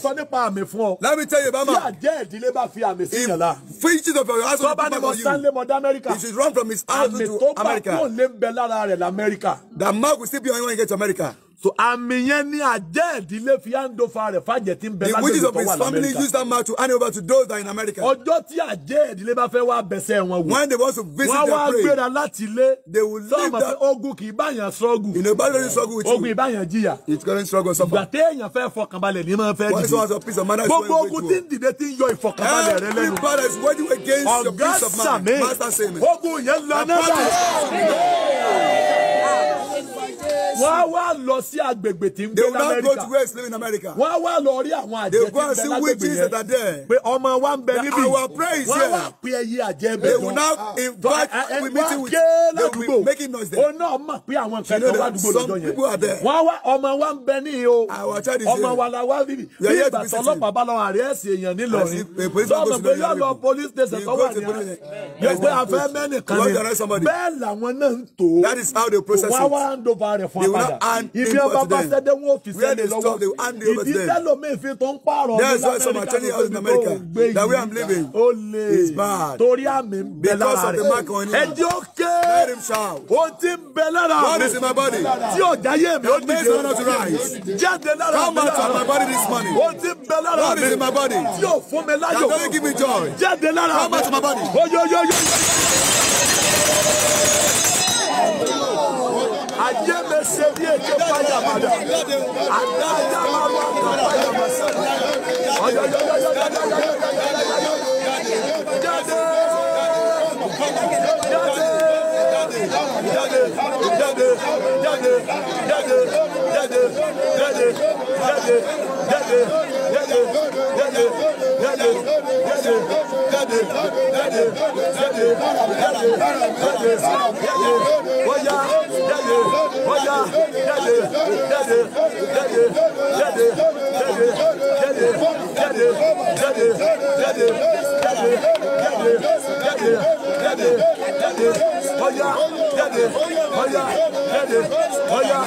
sọ nípa àmì fún ọ. let me tell you bama. yíyà jẹ́ ìdílé bá fi àmì sí yàn la. fíjì tó fẹ́ aṣọ ìpamọ́ you. tọ́ba ni mo Stanley mọ̀ d'Amẹ́ríkà. you should run from his house to America. àmì tó bá kúrò lé ń bẹ lára rẹ̀ l'Amẹ́ríkà. the mark will still be on you when you to America so àmì yẹn ni àjẹ́ ìdílé fi handover rẹ̀ fàjẹ́ tí ń bẹ lágbègbè tó wà lamẹ́ríkà. the witches of his family used that mouth to hand over to those that are in America. ọjọ́ tí àjẹ́ ìdílé bá fẹ́ wá bẹ̀sẹ̀ wọn wò. when they want to visit their prey. wọ́n wá gbéra láti ilé. they will leave so, that. sọ́ọ̀mọ̀ pé ogun kì í báyàn struggle. you know bad luck struggle with you. ogun ìbáyàn jìyà. it's current struggle suffer. ìgbà téèyàn fẹ́ fọkànbalẹ̀ ní máa fẹ́ dìde. one source of peace of mind is when you wait for. gbogbo ogun tí ń dìde tí ń yọ ìfọkànbalẹ̀ rẹ lẹ́nu. every is waiting against oh, wọ́n á wá lọ sí agbègbè tí ń gbé ní America. they will go to where living in America. wọ́n á wá lọ rí àwọn àjẹ́ tí ń bẹ lágbègbè yẹn. they go and see witches that there. pé ọmọ wa ń bẹ níbí. our prayer wọ́n á pè ẹyẹ àjẹ́ bẹ̀ lọ. they will now ah. invite we meeting with they making noise there. o náà mọ̀ pé àwọn nǹkan kan wá dùgbò lọ́jọ́ yẹn. wọ́n wá ọmọ wa ń bẹ ní o. our child is here. ọmọ wa la wá bíbí. bí ìgbà tọ́lọ́pàá bá lọ àrẹ́ ẹ̀sìn èèyàn nílọrin. sọ́ọ̀mù pé yóò police station tó wà ní yóò pé that is how they process it rẹ̀ fún apádà ibi ọba bá sẹ́dẹ̀ wọn ò fi sẹ́ni lọ́wọ́ ìdí tẹ́lómìn fi tó ń pààrọ̀ ní lamẹ́ríkà tó fi ń gbé o lè torí àmì ń bẹ lára rẹ̀ ẹ̀jẹ̀ ó ké o ti ń bẹ lára rẹ̀ tí ọ̀já yé mi ó dìde jáde lára mi lára o ti ń bẹ lára rẹ̀ tí ò fún mi láyò jáde lára mi oyoyoyo ayemesebi eke payamada adadamaru aka payamasa jáde jáde jáde jáde jáde jáde jáde jáde jáde jáde jáde jáde jáde jáde jáde jáde jáde jáde jáde wọ́yá jáde wọ́yá jáde jáde jáde jáde jáde jáde jáde jáde jáde jáde jáde jáde jáde ọ̀yá jáde ọ̀yá jáde ọ̀yá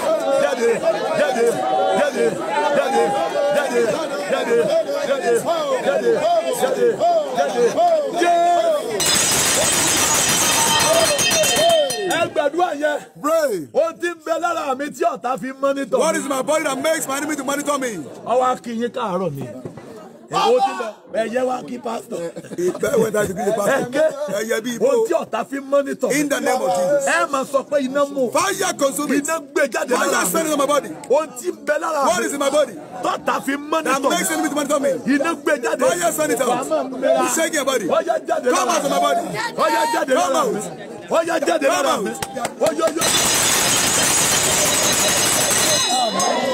jáde jáde jáde jáde jáde jáde jáde jáde jáde jáde yẹn. pray. ti ń bẹ lára mi tí ọ̀tá fi mọ́nítọ̀ what is my body that makes my enemy to monitor me. ọwọ́ akínyín káàárọ̀ mi èwo ti bẹ ẹyẹ wa kí pásítọ̀. ìgbẹ́ wẹ̀ dá ti bí ní pásítọ̀. ẹyẹ bí ibo. o ti ọ̀tá fi mọ́nítọ̀. in the name of Jesus. ẹ máa sọ pé iná mú. fire consume it. iná gbé jáde lára mi. fire spend on my body. o ti bẹ lára mi. what is in my body. tọ́ta fi mọ́nítọ̀. that makes enemy to monitor me. iná gbé jáde. fire spend it out. you shake your body. ọya jáde lára mi. come out of my body. ọya jáde lára mi. ọya jáde lára mi. ọyọyọ. Got it.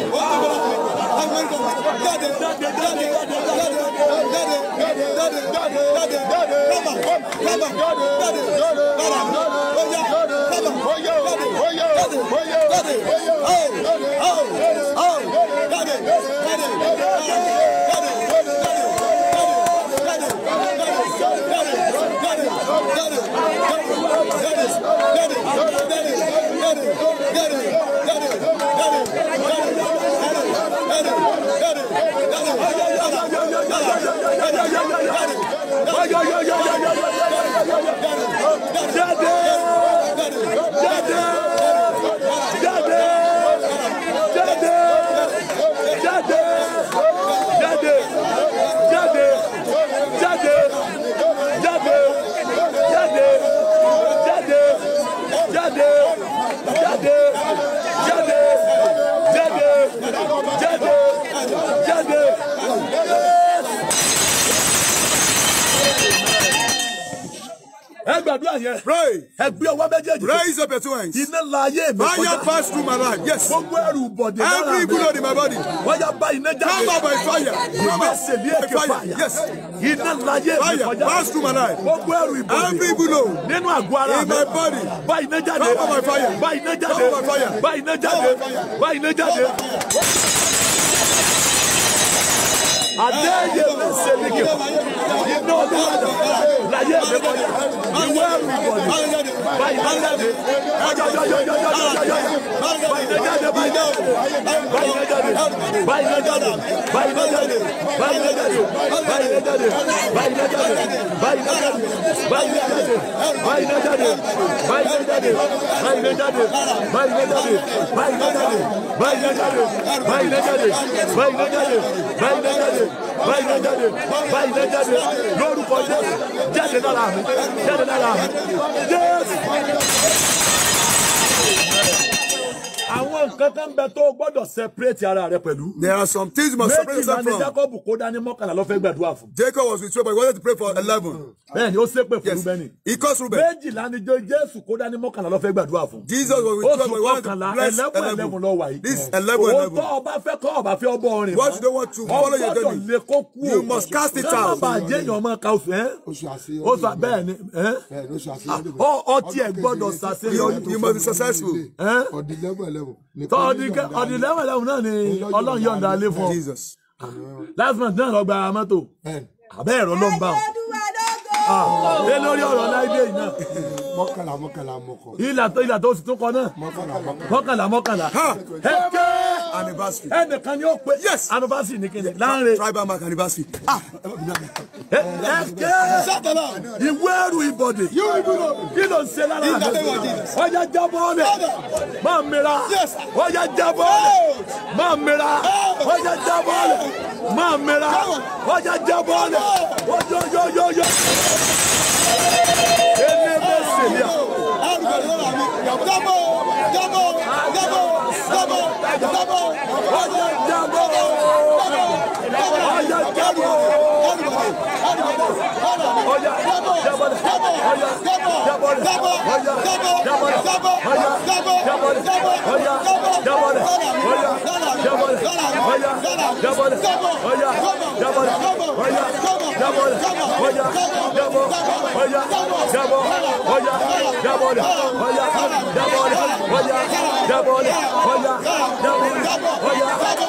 yo, yo, yo, yo, yo, yo. àdúrà yẹn. pray. ẹ gbé ọwọ́ méjèèjì. raise up your two hands. iná la ayé mi kọjá. fire pass through my life. yes. gbogbo ẹrù bọ̀dẹ̀ lára mi. every blood in my body. wọ́n yà bá iná jáde. come out by fire. come out by fire. yes. iná la ayé mi kọjá. fire pass through my life. gbogbo ẹrù ìbọ̀dẹ̀. every blood. nínú àgọ́ ara mi. in my body. bá iná jáde. come out by fire. bá iná jáde. come out by fire. bá iná jáde. bá iná jáde. adéyé ṣe ní kí inú ọdún láyé mi kọ́ ni ìwé ẹ̀rù ìbọn ni báyìí bá jáde ọjọ́jọ́jọ́jọ́jọ́jọ́ báyìí jáde báyìí jáde báyìí jáde báyìí jáde báyìí jáde báyìí jáde báyìí jáde báyìí jáde báyìí jáde báyìí jáde báyìí jáde báyìí jáde báyìí jáde báyìí jáde báyìí jáde báyìí jáde báyìí jáde báyìí jáde báyìí jáde báyìí náà jáde báyìí náà jáde lórúkọ jésù jáde lára mi jáde lára mi jésù. Àwọn nǹkan kan bẹ tó gbọ́dọ̀ separate ara rẹ pẹ̀lú. There are some things you must separate yourself from. Méjì ni Jacob kó dání mọ́kànlá ló fẹ́ gbàdúrà fún. Jacob was with twelve but he wanted to pray for eleven. Bẹ́ẹ̀ni ó ṣépè fún Rúbẹ́nì. He caused Rúbẹ́n. Méjìlá ni Jésù kó dání mọ́kànlá ló fẹ́ gbàdúrà fún. Jesus was with twelve but he wanted to bless eleven. Oṣù kọkànlá eleven eleven lọ wà yìí. This eleven eleven. Owó tó ọba fẹ́ kọ́ ọba fẹ́ ọbọ̀ rìn. What you don't want to follow your journey. Ọgbọ́dọ̀ lè kó kú o. You must cast it out. Káwọn bá jẹ́ èèyàn ọmọ ká oṣù ẹ́. Oṣù àṣeyọrí. You must be successful tọ́ ọdún eleven eleven náà ni ọlọ́run yọ̀ǹda alẹ́ fún ọ ah. last month náà lọ gba mọ́tò àbẹ́ ẹ̀rọ ló ń bá ọ lé ah, lórí ọ̀rọ̀ láìdé yìí náà. mọ́kànlá mọ́kànlá mọ́kàn. ilà tó ilà tún kọ náà mọ́kànlá mọ́kànlá anniversary. ẹnìkan ni ó pe yes anniversary ni kí ni láàrin. tribal mark anniversary. ah ẹ̀ẹ́dẹ́ ìwé ẹrù ibodè kí ló ń ṣe lára ọjà jábọ́ rẹ̀ máa mìíràn ọjà jábọ́ rẹ̀ máa mìíràn ọjà jábọ́ rẹ̀ máa mìíràn ọjà jábọ́ rẹ̀ ojojojojo. Ele é meu Come on oya jábọ́ oya jábọ́ rẹ̀ oya jábọ́ rẹ̀ oya jábọ́ rẹ̀ oya jábọ́ rẹ̀ oya.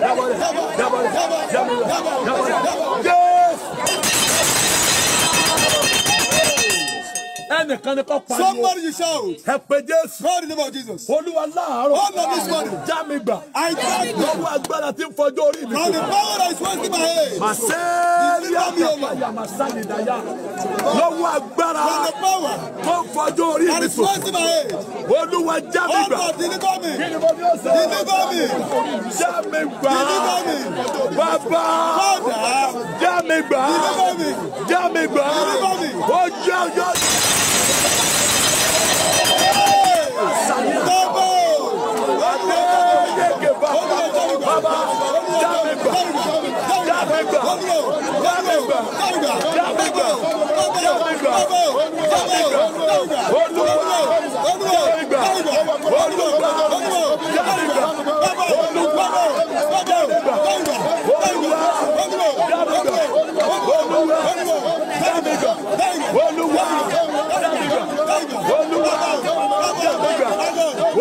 double, double, double, double, double. ẹnìkan ni kọ́ pariwo. somebody you shout. ẹ pe Jésù. call the name of Jesus. olúwa láàárọ̀. all of this morning. já mi gbà. I thank you. lọ́wọ́ agbára tí ń fọjọ́ orí mi. from the power that is working my head. mà ṣe é yá yàmáyà mà sálì dáyà. lọ́wọ́ agbára. from the power. tó ń fọjọ́ orí mi. that is working my head. olúwa já mi gbà. all deliver me. deliver me. já mi gbà. deliver me. bàbá. já mi gbà. deliver me. já mi gbà. deliver me. ó jẹ́ ọjọ́. Gbogbo ọdún ọdún ọdún bàbá dábẹ́gbà dábẹ́gbà dábẹ́gbà dábẹ́gbà dábẹ́gbà dábẹ́gbà olùwà dábẹ́gbà olùwà dábẹ́gbà olùwà dábẹ́gbà olùwà olúwa dámìgbà olúwa dámìgbà olúwa dámìgbà olúwa dámìgbà olúwa dámìgbà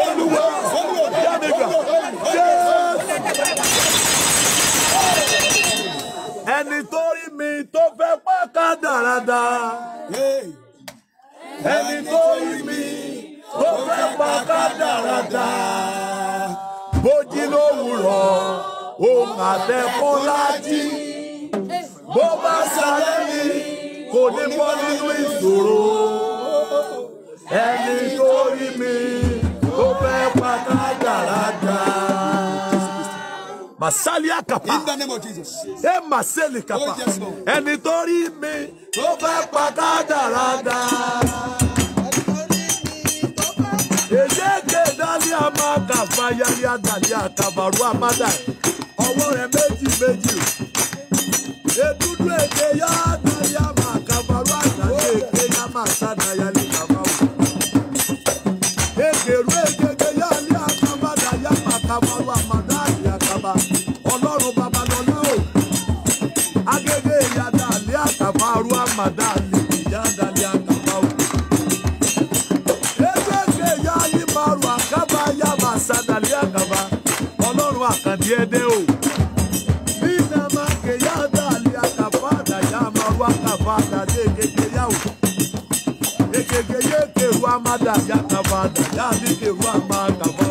olúwa dámìgbà ẹni tó rí mi tó fẹ́ pàkà dáradára ẹni tó rí mi tó fẹ́ pàkà dáradára bójí lówùrọ̀ òun àtẹkọ́lájí bó bá sáré mi kò ní bọ́ nínú ìṣòro ẹni tó rí mi tó fẹ́ pátá dáradá. Masalia kapa. In the name of Jesus. E maseli kapa. Ẹni tó rí mi tó fẹ́ pátá kàfá yálé àdàlẹ́ àkàbàrú àmàdà ọwọ́ rẹ̀ méjì méjì ètùtù èké yá àdàlẹ́ àmà àkàbàrú àdàlẹ́ èké yá mà sànà yálé kàfá wò. èkèrú èkéke yá àlẹ́ àkàbàdà yá mà àkàbàrú àmàdà àlẹ́ àkàbà ọlọ́run babalọ́lá o agége ìyá àdàlẹ́ àkàbàrú àmàdà àlẹ́ ìyá àdàlẹ́ àkàbà. adìẹ dé o. nínà máa kẹyà dàlẹ́ àkàfà àdàyà máa wá kàfà àdàlẹ́ kékeré yà o. kékeré yé kèrú àmàdà yà kàfà àdàyà ní kèrú àmàdà.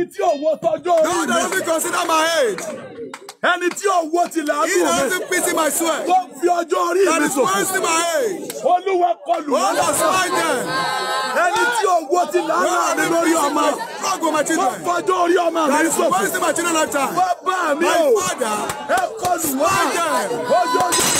ẹni tí òwò tọjọ́ orí mi. God does not consider my age. ẹni tí òwò ti làágùn mi. He doesn't pity my sweat. tó fi ọjọ́ orí mi sòfò. That is wasting my age. Olúwa kọlù wọn lọ́sàn-án. ẹni tí òwò ti làágùn mi lórí ọmọ. tó fọjọ́ orí ọmọ mi sòfò. Bàbá mi o ẹ kọlù wọn. ọjọ́ orí mi.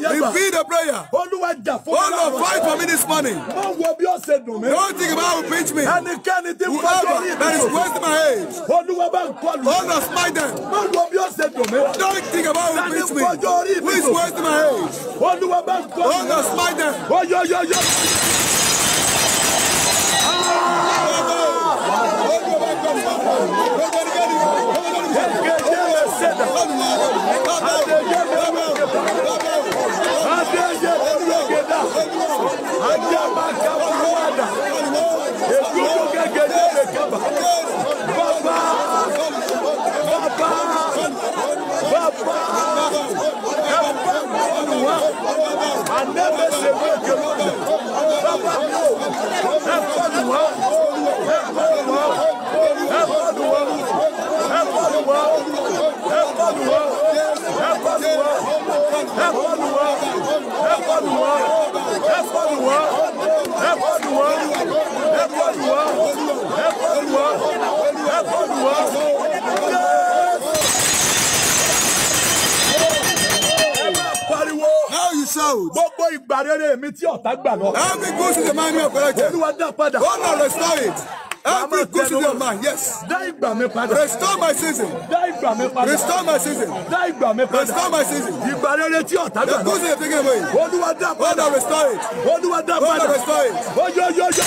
Repeat the prayer. Lord, fight for me this morning. Don't think about who pinch me. Whoever that is wasting my age. Lord, smite them. Don't think about who pinch me. Who is wasting my age. Lord, smite them. Oh, yo, yo, yo. Ah! I never máa ka olúwàdà èdúró gẹgẹdà kọlù wọn ẹ kọlù wọn ẹ kọlù wọn ẹ kọlù wọn ẹ kọlù wọn ẹ kọlù wọn ẹ kọlù wọn ẹ kọlù wọn ẹ kọlù wọn. sound. gbogbo ìgbà rere mi tí ọ̀tá gbà lọ. how many goals is the man wey ọ̀pẹ̀rẹ̀ jẹ. olúwa dá padà. go now restore it every good season of mine yes restore my season restore my season restore my season the good season you take away God will restore it God will restore it.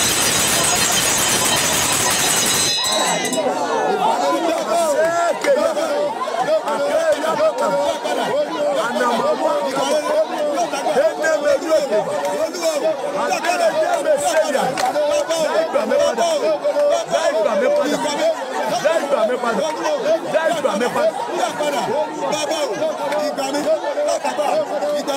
Anamọ ẹnẹ mi ojú òkè olúwa lákàtà ìdílé mi ṣe ìyà láì gbà mí padà láì gbà mí padà láì gbà mí padà láì gbà mí padà. bàbá ìgbà mi látàgbà ìgbà.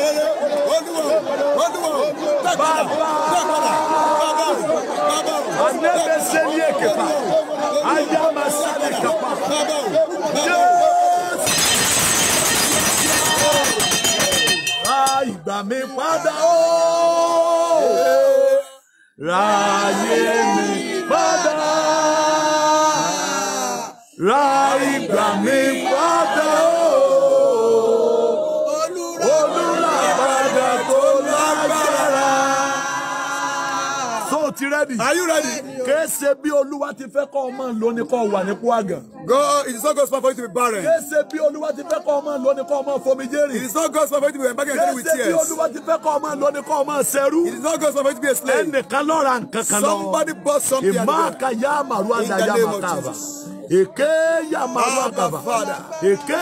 mi padà ó. Ra ayé mi padà. Ra ìgbà mi padà ó. Olùràpadà tó lágbára. So ti rẹ́dì. Are you ready? Kèé ṣe bí Olúwa ti fẹ́ kọ́ ọmọ lónìí kọ́ wà ní kó àgàn. God, it is not gospel for you to be barren. It is not gospel for you to be embarking again with tears. It is not gospel for you to be a slave. Ẹnìkan Somebody bought something. Ìmáàkà yá màrú àdá yá màkàbà. Èké yà màrú àkàbà. Èké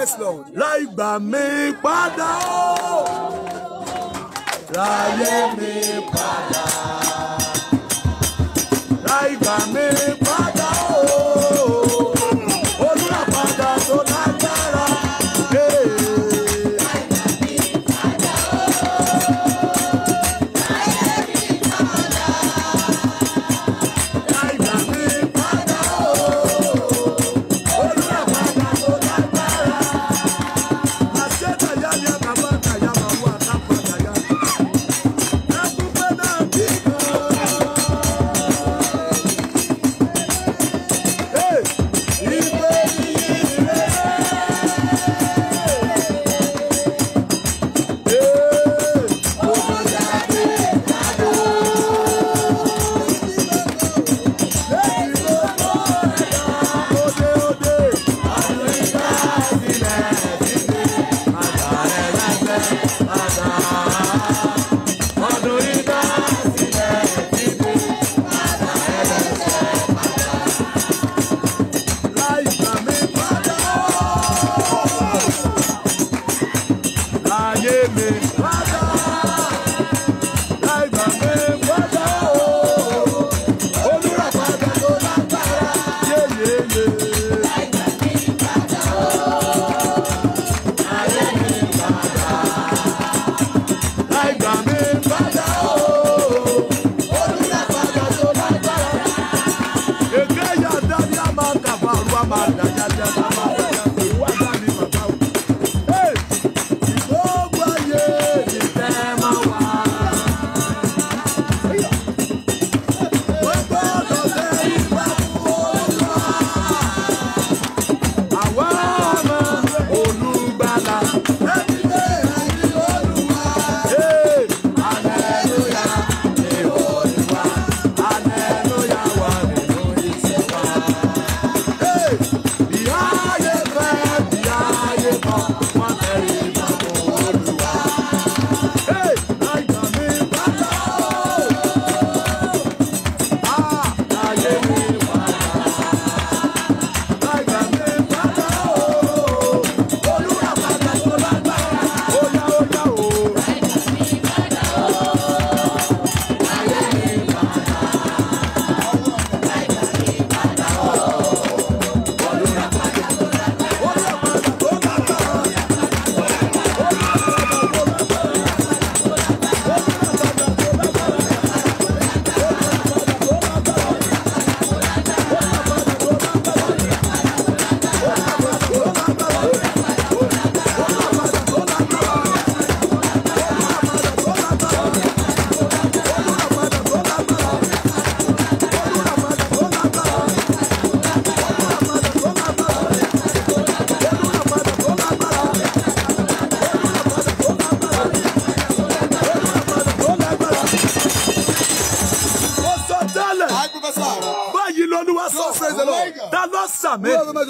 Yes Lord. Láì gbà mí padà ó. Láyé mi padà. Láì gbà mí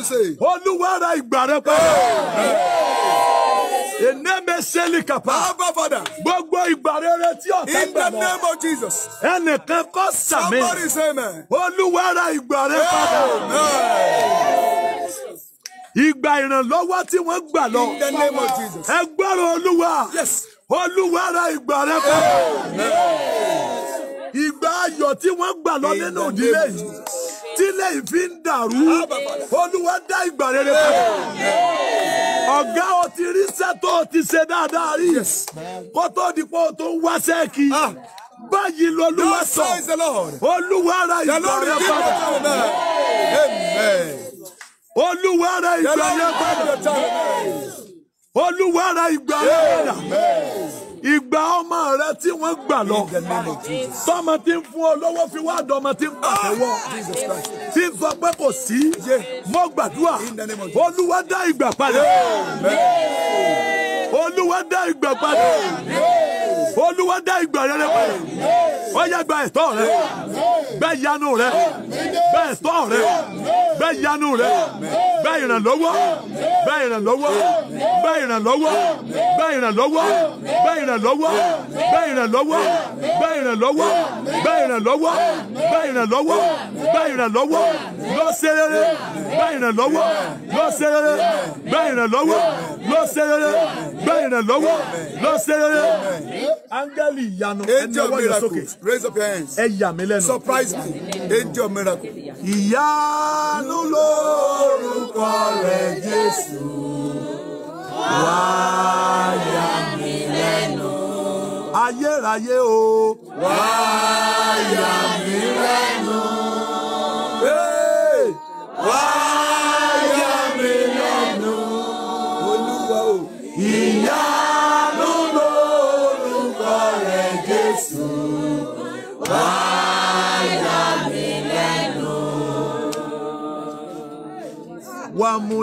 say. Olúwa ra ìgbà rẹ padà. Enemeseli kapa. Abba Father. Gbogbo ìgbà rere tí ọ̀tá gbà mọ́. In the name of Jesus. Ẹnìkan kọ́ sàmì. Somebody say amen. Olúwa ra ìgbà rẹ padà. Amen ìgbà ìrànlọ́wọ́ tí wọ́n gbà lọ. In the name of Jesus. ẹ gbọ́rọ̀ olúwa. Yes. olúwa ra ìgbà rẹ padà. ìgbà ayọ̀ tí wọ́n gbà lọ nínú ìdílé yìí tílé yìí fi ń dàrú olúwa dá ìgbà rere fún mi ọ̀gá o ti rí sẹ́tọ̀ o ti ṣe dáadáa rí kó tó di o tó ń wá sẹ́ẹ̀kì ah. báyìí lọ́lúwa sọ olúwa ra ìgbà padà olúwa ra ìgbà padà olúwa ra ìgbà padà ìgbà ọmọ rẹ tí wọ́n gbà lọ tọ́mọ tí ń fún ọ lọ́wọ́ fi wá dọ́mọ tí ń pàtẹ́wọ́ ah! tí ń sọ pé kò sí mo gbàdúrà olúwa dá ìgbà padà olúwa dá ìgbà padà olúwa dá ìgbà rere padà ó yá gba ẹ̀tọ́ rẹ gbẹ yanu rẹ gbẹ ẹ̀tọ́ rẹ gbẹ yanu rẹ gbẹ ìrànlọ́wọ́ gbẹ ìrànlọ́wọ́ gbẹ ìrànlọ́wọ́ gbẹ ìrànlọ́wọ́ gbẹ ìrànlọ́wọ́ gbẹ ìrànlọ́wọ́ gbẹ ìrànlọ́wọ́ gbẹ ìrànlọ́wọ́ gbẹ ìrànlọ́wọ́ gbẹ ìrànlọ́wọ́ lọ ṣe rere gbẹ ìrànlọ́wọ́ lọ ṣe rere gbẹ ìrànlọ́wọ́ lọ ṣe rere gbẹ ìrànlọ́wọ́ lọ ṣe rere áńgẹ́lì ìyanu ẹni ọwọ́ yẹn sókè raise up your hands ẹ yà mí lẹ́nu surprise me angel miracle. ìyanu lórúkọ rẹ̀ Jésù wá yà mí lẹ́nu ayérayé o wá.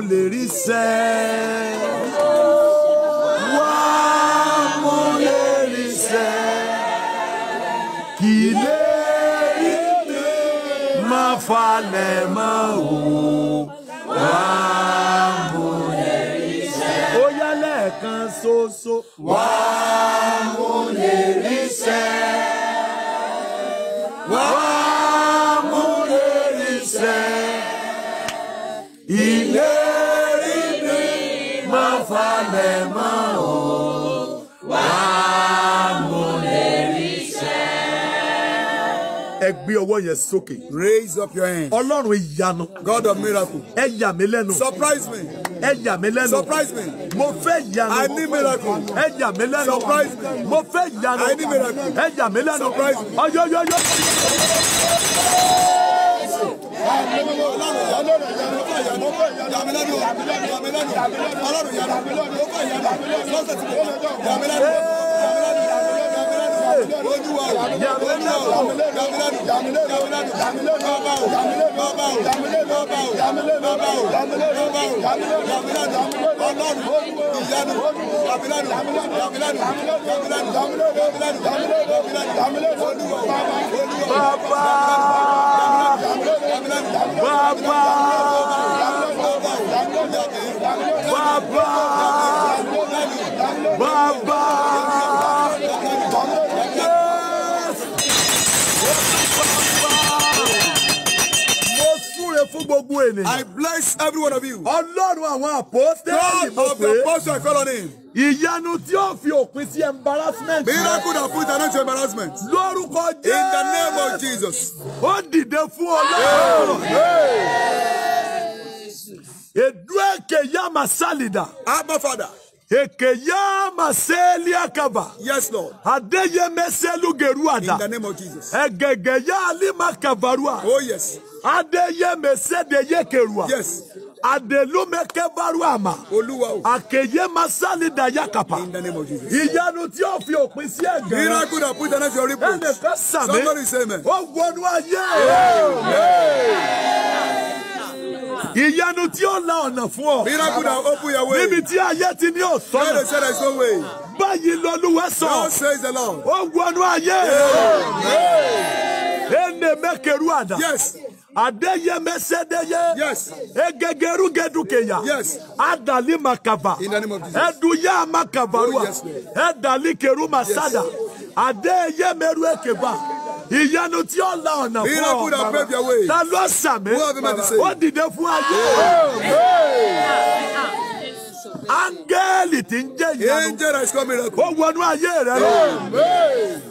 òun lè rí sẹ́. Wá mo lè rí sẹ́. Kì í lè rí mi, má falẹ̀ mọ́ òun. Gbé ọwọ́ yẹn sókè. Raise up your hand. Ọlọ́run ìyanu. God of miracle. Ẹ yà mí lẹ́nu. Surprise me. Ẹ yà mí lẹ́nu. Surprise me. Mo fẹ́ yanu. I need miracle. Ẹ yà mí lẹ́nu. Surprise me. Mo fẹ́ yanu. I need miracle. Ẹ yà mí lẹ́nu. Surprise me. Ọyọ́yọ́yọ́. Hey! Baba Baba Baba fún gbogbo ènìyàn. I bless every one of you. Ọlọ́run àwọn àpòstẹ́lì mo pè God of the apostle I call on him. Ìyanu tí ó fi òpin sí embarrassment. Miracle that put an end to embarrassment. Lórúkọ Jésù. In the name of Jesus. Ó dìde fún Ọlọ́run. Èdú èkè yá màsálìdà. Abba Father. Ekeya maselia kaba. Yes, Lord. Adeye meselu geruada. In the name of Jesus. Egegeya alima kabarua. Oh, yes. Adeye mesedeye kerua. Yes. Adelumeke baruama. Olúwa o. Akeye masalida yakapa. In the name of Jesus. Ìyanu tí ó fi òpin sí ẹ̀gẹ́. Miracle that put an end to your reproach. Somebody say amen. Ó wọnú ayé. Hey. Hey. Hey ìyanu tí ó la ọ̀nà fún ọ. miracle na open your way. níbi tí ayé ti ní òsán. where they say there is no báyìí lọ́lúwẹ́ sọ. God says the Lord. ó wọnú ayé. ene mekeru ada. yes. Adeye mesedeye. Yes. Egegeru gedukeya. Yes. Adali makava. In the name of Jesus. Eduya makavarua. Oh, yes, Edali keru masada. Yes. Adeye meru ekeba ìyanu tí ó la ọ̀nà fún ọ ta ló sàmì ó dìde fún ayé áńgẹ́lì tí ń jẹ́ ìyanu ó wọnú ayé rẹ lọ.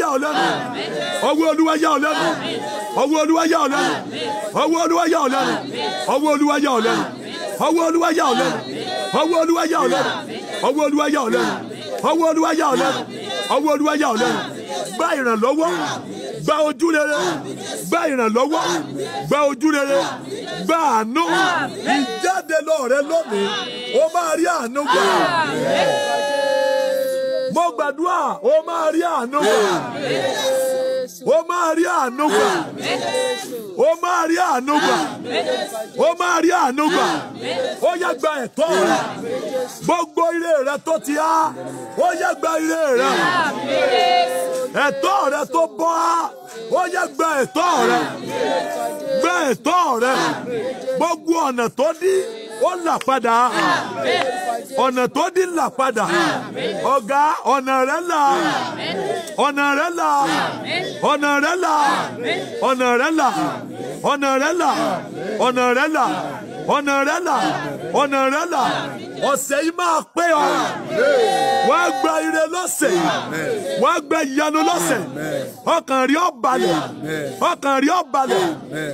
yà ọ́ lẹ́nu ọwọ́ olúwa yà ọ́ lẹ́nu ọwọ́ olúwa yà ọ́ lẹ́nu ọwọ́ olúwa yà ọ́ lẹ́nu ọwọ́ olúwa yà ọ́ lẹ́nu ọwọ́ olúwa yà ọ́ lẹ́nu ọwọ́ olúwa yà ọ́ lẹ́nu ọwọ́ olúwa yà ọ́ lẹ́nu ọwọ́ olúwa yà ọ́ lẹ́nu ọwọ́ olúwa yà ọ́ lẹ́nu gba ìrànlọ́wọ́ gba ojú rere gba ìrànlọ́wọ́ gba ojú rere gba àánú ìjáde lọ rẹ lónìí ó máa rí àánú gbà mo gbàdúrà ó máa rí àánú. O máa rí àánú gbà ó máa rí àánú gbà ó máa rí àánú gbà ó yá gba ẹ̀tọ́ rẹ gbogbo ire rẹ tó ti há ó yá gba ire rẹ ẹ̀tọ́ rẹ tó bọ́ há ó yá gba ẹ̀tọ́ rẹ gba ẹ̀tọ́ rẹ gbogbo ọ̀nà tó dí ó là padà ọ̀nà tó dí là padà ọ̀gá ọ̀nà rẹ là ọ̀nà rẹ là. ọ̀nà rẹ̀ là ọ̀nà rẹ̀ ọ̀nà rẹ̀ ọ̀sẹ̀ yìí máa pé ọ wàá gba ire lọ́sẹ̀ wàá gba ìyanu lọ́sẹ̀ ọkàn rí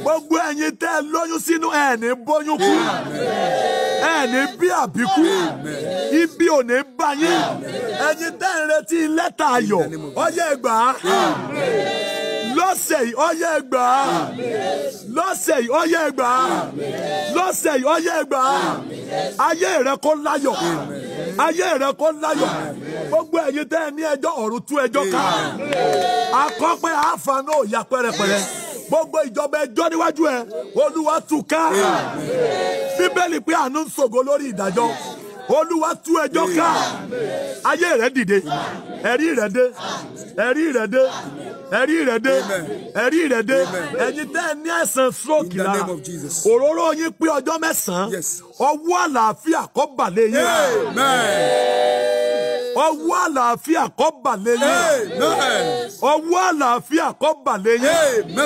gbogbo ẹ̀yin tẹ́ lóyún sínú ẹ̀ ní bóyún ẹ ní bí àbíkú ibi ò ní bá yín ẹ̀yin tẹ́ ń retí lẹ́tà ayọ̀ ọyẹ́ ẹgbà lọ́sẹ̀ yìí ọyẹ́ ẹgbà lọ́sẹ̀ yìí ọyẹ́ lọ́sẹ̀ yìí ọyẹ́ ayé rẹ kó láyọ̀ ayé rẹ kó láyọ̀ gbogbo ẹ̀yin tẹ́ ẹ ní ẹjọ́ ọ̀run tú ẹjọ́ ká akọ́pẹ́ gbogbo ìjọba ẹjọ́ níwájú ẹ olúwa tú ká bíbélì pé àánú ń ṣògo lórí ìdájọ́ olúwa tú ẹjọ́ ká ayé rẹ dìde ẹ̀rí rẹ dé ẹ̀rí rẹ dé ẹ̀rí rẹ̀ dé ẹ̀rí rẹ̀ dé ẹ̀yin tẹ́ ẹ ní àìsàn stroke la òróró yín pé ọjọ́ mẹ́sàn-án ọwọ́ àlàáfíà kó bà yín ọwọ́ àlàáfíà kó bà lé yín ọwọ́ àlàáfíà kó bà lé yín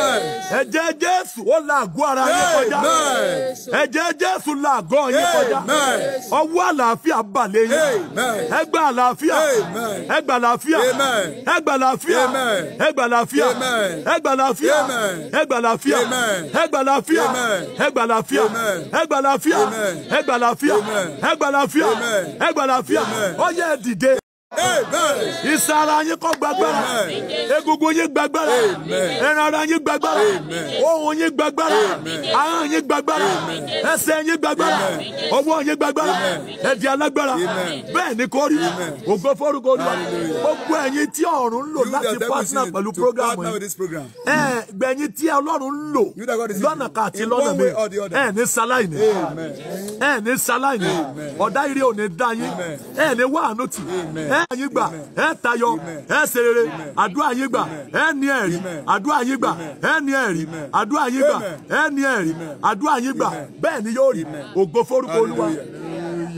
ẹ̀jẹ̀ Jésù ó la àgọ́ ara yín kọjá ẹ̀jẹ̀ Jésù la àgọ́ yín kọjá ọwọ́ àlàáfíà bà lé yín ẹ gba àlàáfíà ẹ gba àlàáfíà ẹ gba àlàáfíà ẹ gba àlàáfíà ẹ gba àlàáfíà ẹ gba àlàáfíà ẹ gba àlàáfíà ẹ gba àlàáfíà ẹ gba àlàáfíà ẹ gba àlàáfíà ẹ gba àlàáfíà ẹ gba àlàáfíà ó dìde ìsara yín kó gbàgbára egungun yín gbàgbára ẹran ara yín gbàgbára ohùn yín gbàgbára ahọ́n yín gbàgbára ẹsẹ̀ yín gbàgbára ọwọ́ yín gbàgbára ẹ̀dì alágbára bẹ́ẹ̀ ni kò rí ògo forúkọ Olúwa gbogbo ẹ̀yin tí ọ̀run ń lò láti pàṣẹ pẹ̀lú programu ẹ̀ gbẹ̀yìn tí Ọlọ́run ń lò lọ́nà kan lọ́nà mi ẹ̀ ní sáláìní ẹ̀ ní sáláìní ọ̀dá ire ò dá yín ẹ̀ ní wàhánù tì ẹ̀ ẹ ayé gbà ẹ tayọ ẹ serere àdúrà yín gbà ẹ ní ẹ̀rí àdúrà yín gbà ẹ ní ẹ̀rí àdúrà yín gbà ẹ ní ẹ̀rí àdúrà yín gbà bẹ́ẹ̀ ni yóò rí ògo forúkọ olúwa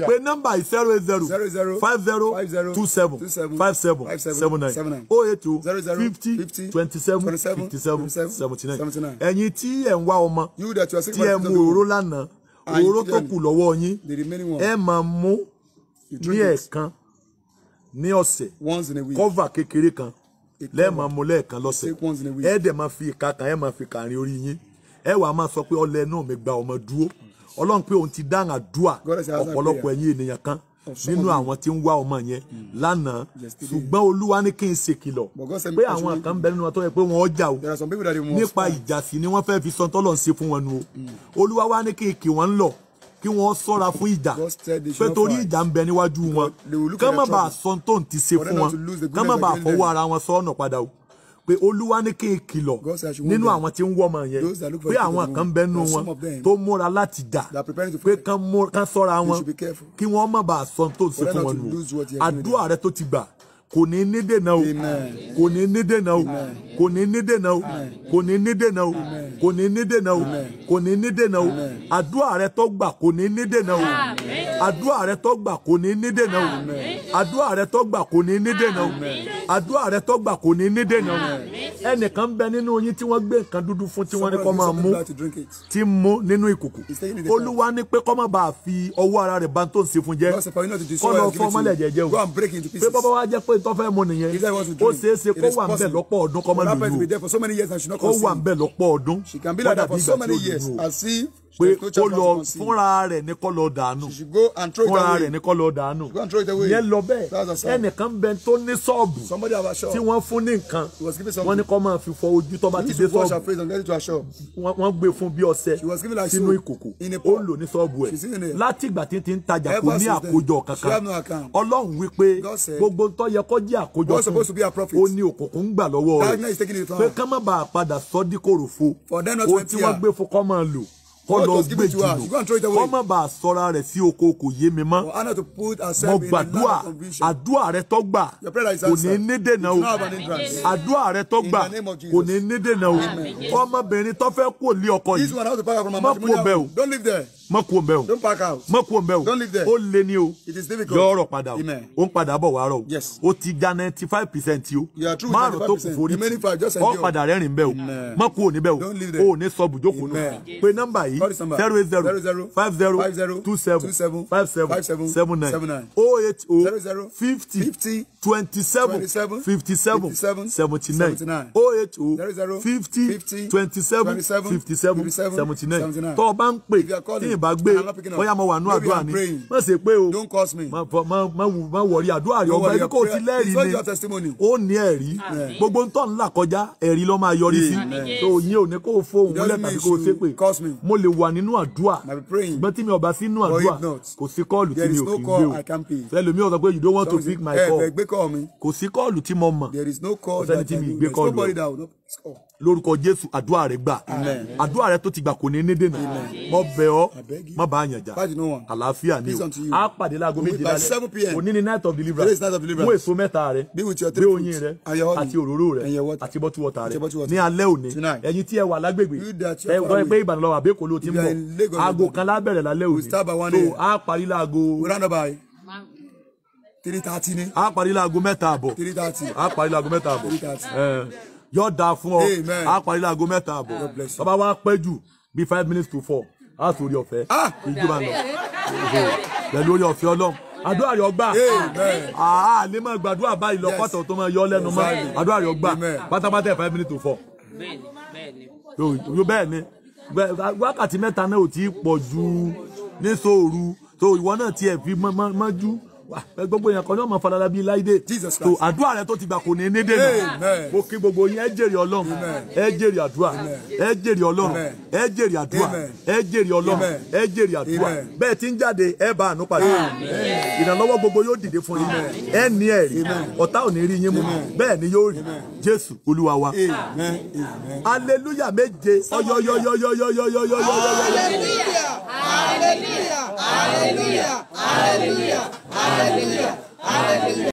pé nọ́mbà yìí zero eight zero five zero two seven five seven seven nine oh eight two fifty twenty seven fifty seven seventy nine ẹ̀yin ti ẹ̀ ń wá ọmọ tí ẹ̀ mú òróró lánàá òróró tó kù lọ́wọ́ yín ẹ̀ máa mú ní ẹ̀ẹ̀kan ní ọ̀sẹ̀ kọ́fà kékeré kan lẹ́ẹ̀ma mu lẹ́ẹ̀kan lọ́sẹ̀ ẹ dẹ̀ máa fi ìka kan ẹ máa fi kàrin orí yín ẹ wàá máa sọ pé ọlẹ náà mi gba ọmọ dúró ọlọ́run pé òun ti dáhùn àdúà ọ̀pọ̀lọpọ̀ ẹ̀yin ènìyàn kan nínú àwọn tí ń wá ọmọ yẹn mm. lánàá ṣùgbọ́n olúwa ní kí n ṣèkìlọ̀ pé àwọn kan bẹ nínú wọn tó yẹ pé wọ́n ọjà o nípa ìjà sí ni wọ́n fẹ́ fi sọ tọ́lọ̀ ń ṣe fún wọn nu o mm. olúwa wá ní kí n kì wọ́n ń lọ kí wọ́n ṣọ́ra fún ìjà pé torí ìjà ń bẹ níwájú wọn kán má bàa sọ tó ń ti ṣe fún wọn kán má bàa fọwọ́ ara wọn sọ ọ̀nà padà o pé olúwa ní kí n kìlọ̀ nínú àwọn tí ń wọ́mọ yẹn pé àwọn kan bẹ nú wọn tó múra láti jà pé kán ṣọ́ra wọn kí wọ́n má bàa sọ tó ń ṣe fún wọn nù àdúrà rẹ tó ti gbà kò ní ní dènà o kò ní ní dènà o kò ní ní dènà o kò ní ní dènà o kò ní ní dènà o kò ní ní dènà o àdúrà rẹ tó gbà kò ní ní dènà o àdúrà rẹ tó gbà kò ní ní dènà o àdúrà rẹ tó gbà kò ní ní dènà o àdúrà rẹ tó gbà kò ní ní dènà o ẹnìkan bẹ nínú yín tí wọ́n gbé nǹkan dúdú fún tí wọ́n ní kó máa mú tí mú nínú ìkùkù olúwa ní pé kó má bàa fi ọwọ́ ara rẹ̀ bá tó ń ṣe fún jẹ́ kó lọ fọ́ mọ́lẹ̀ jẹ́jẹ́ o pé bọ́bá wa jẹ́ pé tó fẹ́ mu nìyẹn ó ṣeé ṣe kó wà nbẹ lọ́pọ̀ ọdún kọ́mọ́lùú ó wà nbẹ lọ́pọ̀ ọdún kọ́dà bí ìgbà tí ó lù ú pé kó lọ fúnra rẹ̀ ní kó lọ dànù fúnra rẹ̀ ní kó lọ dànù yẹn lọ bẹ́ẹ̀ ẹnìkan bẹ tó ní ṣọ́ọ̀bù tí wọ́n fún ní nǹkan wọ́n ní kó máa fi fọ ojú tó bá ti dé ṣọ́ọ̀bù wọ́n gbé fún bí ọṣẹ sínú ìkòkò ó lò ní ṣọ́ọ̀bù ẹ̀ látìgbà tí ti ń tajà kò ní àkójọ kankan ọlọ́run wípé gbogbo tó yẹ kó jẹ́ àkójọ fún ó ní òkùnkùn gbà lọ́wọ́ rẹ̀ pé ká má bàa padà sọ́dí kòròfo ohun tí wọ́n gbé fún kọ́ máa lò kọ́ lọ gbé jùlọ kọ́ má bàa sọra rẹ̀ sí oko kò yé mi mọ́ mo gbàdúrà àdúrà rẹ tó gbà kò ní ní dènà o àdúrà rẹ tó gbà kò ní ní o ọmọbìnrin tó fẹ́ lé ọkọ yìí má kó bẹ́ẹ̀ o mọ kú òǹbẹ o don't park out don't live there ó lé ní o it is difficult yọ ọrọ padà o ó ń padà bọ̀ wàárọ̀ o yes ó ti gba ninety five percent o márùn tó kù forí ti ọ padà rẹ́rìn bẹ́ẹ̀ o mọ kú òní bẹ́ẹ̀ o ò ní sọ bùjókòó nù pé nọ́mbà yìí zero eight zero five zero two seven five seven seven nine oh eight oh fifty twenty seven fifty seven seventy nine oh eight oh fifty twenty seven fifty seven seventy nine tọ́ ọ bá ń pè tí ì bá gbé bóyá mo wà nú àdúrà ni má ṣe pé o má wọrí àdúrà rẹ ọgbà ẹni kò ti lẹ́rìí ni ó ní ẹ̀rí gbogbo ń tọ́ ń là kọjá ẹ̀rí ló máa yọrí sí tó yín ò ní kó fóun múlẹ̀ tàbí kó ṣe pé mo lè wà nínú àdúrà ṣùgbọ́n tí mi ò bá sí nínú àdúrà kò sí kọ́ọ̀lù tí mi ò kí ń gbé o ẹlòmíì ọ̀sán pé you don't want to pick my eh, call kò sí kọ́ọ̀lù tí mo mọ̀ ọ̀sẹ́ni tí mi ì gbé kọ́ọ̀lù lórúkọ jésù àdúrà rẹ gbà àdúrà rẹ tó ti gbà kò ní ní dènà mo bẹ̀ ọ́ má bá yàn jà àlàáfíà ni o a pàdé láago méjìlá rẹ òní ni night of deliverance mú èso mẹ́ta rẹ gbé oyin rẹ àti òróró rẹ àti bottle water rẹ ní alẹ́ òní ẹ̀yin tí ẹ wà lágbègbè ẹ wọ́n pé ìbàdàn lọ́wọ́ àbẹ́kò ló ti ń bọ̀ aago kan lábẹ̀rẹ̀ lálẹ́ òní tó a parí láago three thirty ni a parí láago mẹ́ta àbọ̀ a parí láago mẹ́ta àbọ̀ yóò dáa fún ọ á parí láago mẹ́ta àbọ̀ bàbá wa pẹ́ jù bíi five minutes to four á sórí ọ̀fẹ́ ah! ìjọba lọ pẹ̀lú orí ọ̀fẹ́ ọlọ́run àdúrà yọ gbà àá lè máa gbàdúrà báyìí lọ́kọ̀tọ̀ tó máa yọ lẹ́nu mọ́ àdúrà yọ gbà pátápátá ẹ̀ five minutes to four. bẹ́ẹ̀ ni wákàtí mẹ́ta náà ò tí ì pọ̀ ju ní sóòru tó ìwọ náà tiẹ̀ fi mọ́jú gbogbo èèyàn kan ní ọmọ falala bíi láìdé tó àdúrà rẹ tó ti gbà kò ní ní dènà mo kí gbogbo yín ẹ jèrè ọlọ́run ẹ jèrè àdúrà ẹ jèrè ọlọ́run ẹ jèrè àdúrà ẹ jèrè ọlọ́run ẹ jèrè àdúrà bẹ́ẹ̀ tí ń jáde ẹ bá àánú pàdé ìrànlọ́wọ́ gbogbo yóò dìde fún yín ẹ ní ẹ̀rí ọ̀tá ò ní rí yín mú bẹ́ẹ̀ ni yóò rí jésù olúwa wa aleluya méje ọyọyọyọyọyọyọyọyọyọyọ. Hallelujah! Hallelujah! Hallelujah! Hallelujah! Hallelujah. Hallelujah.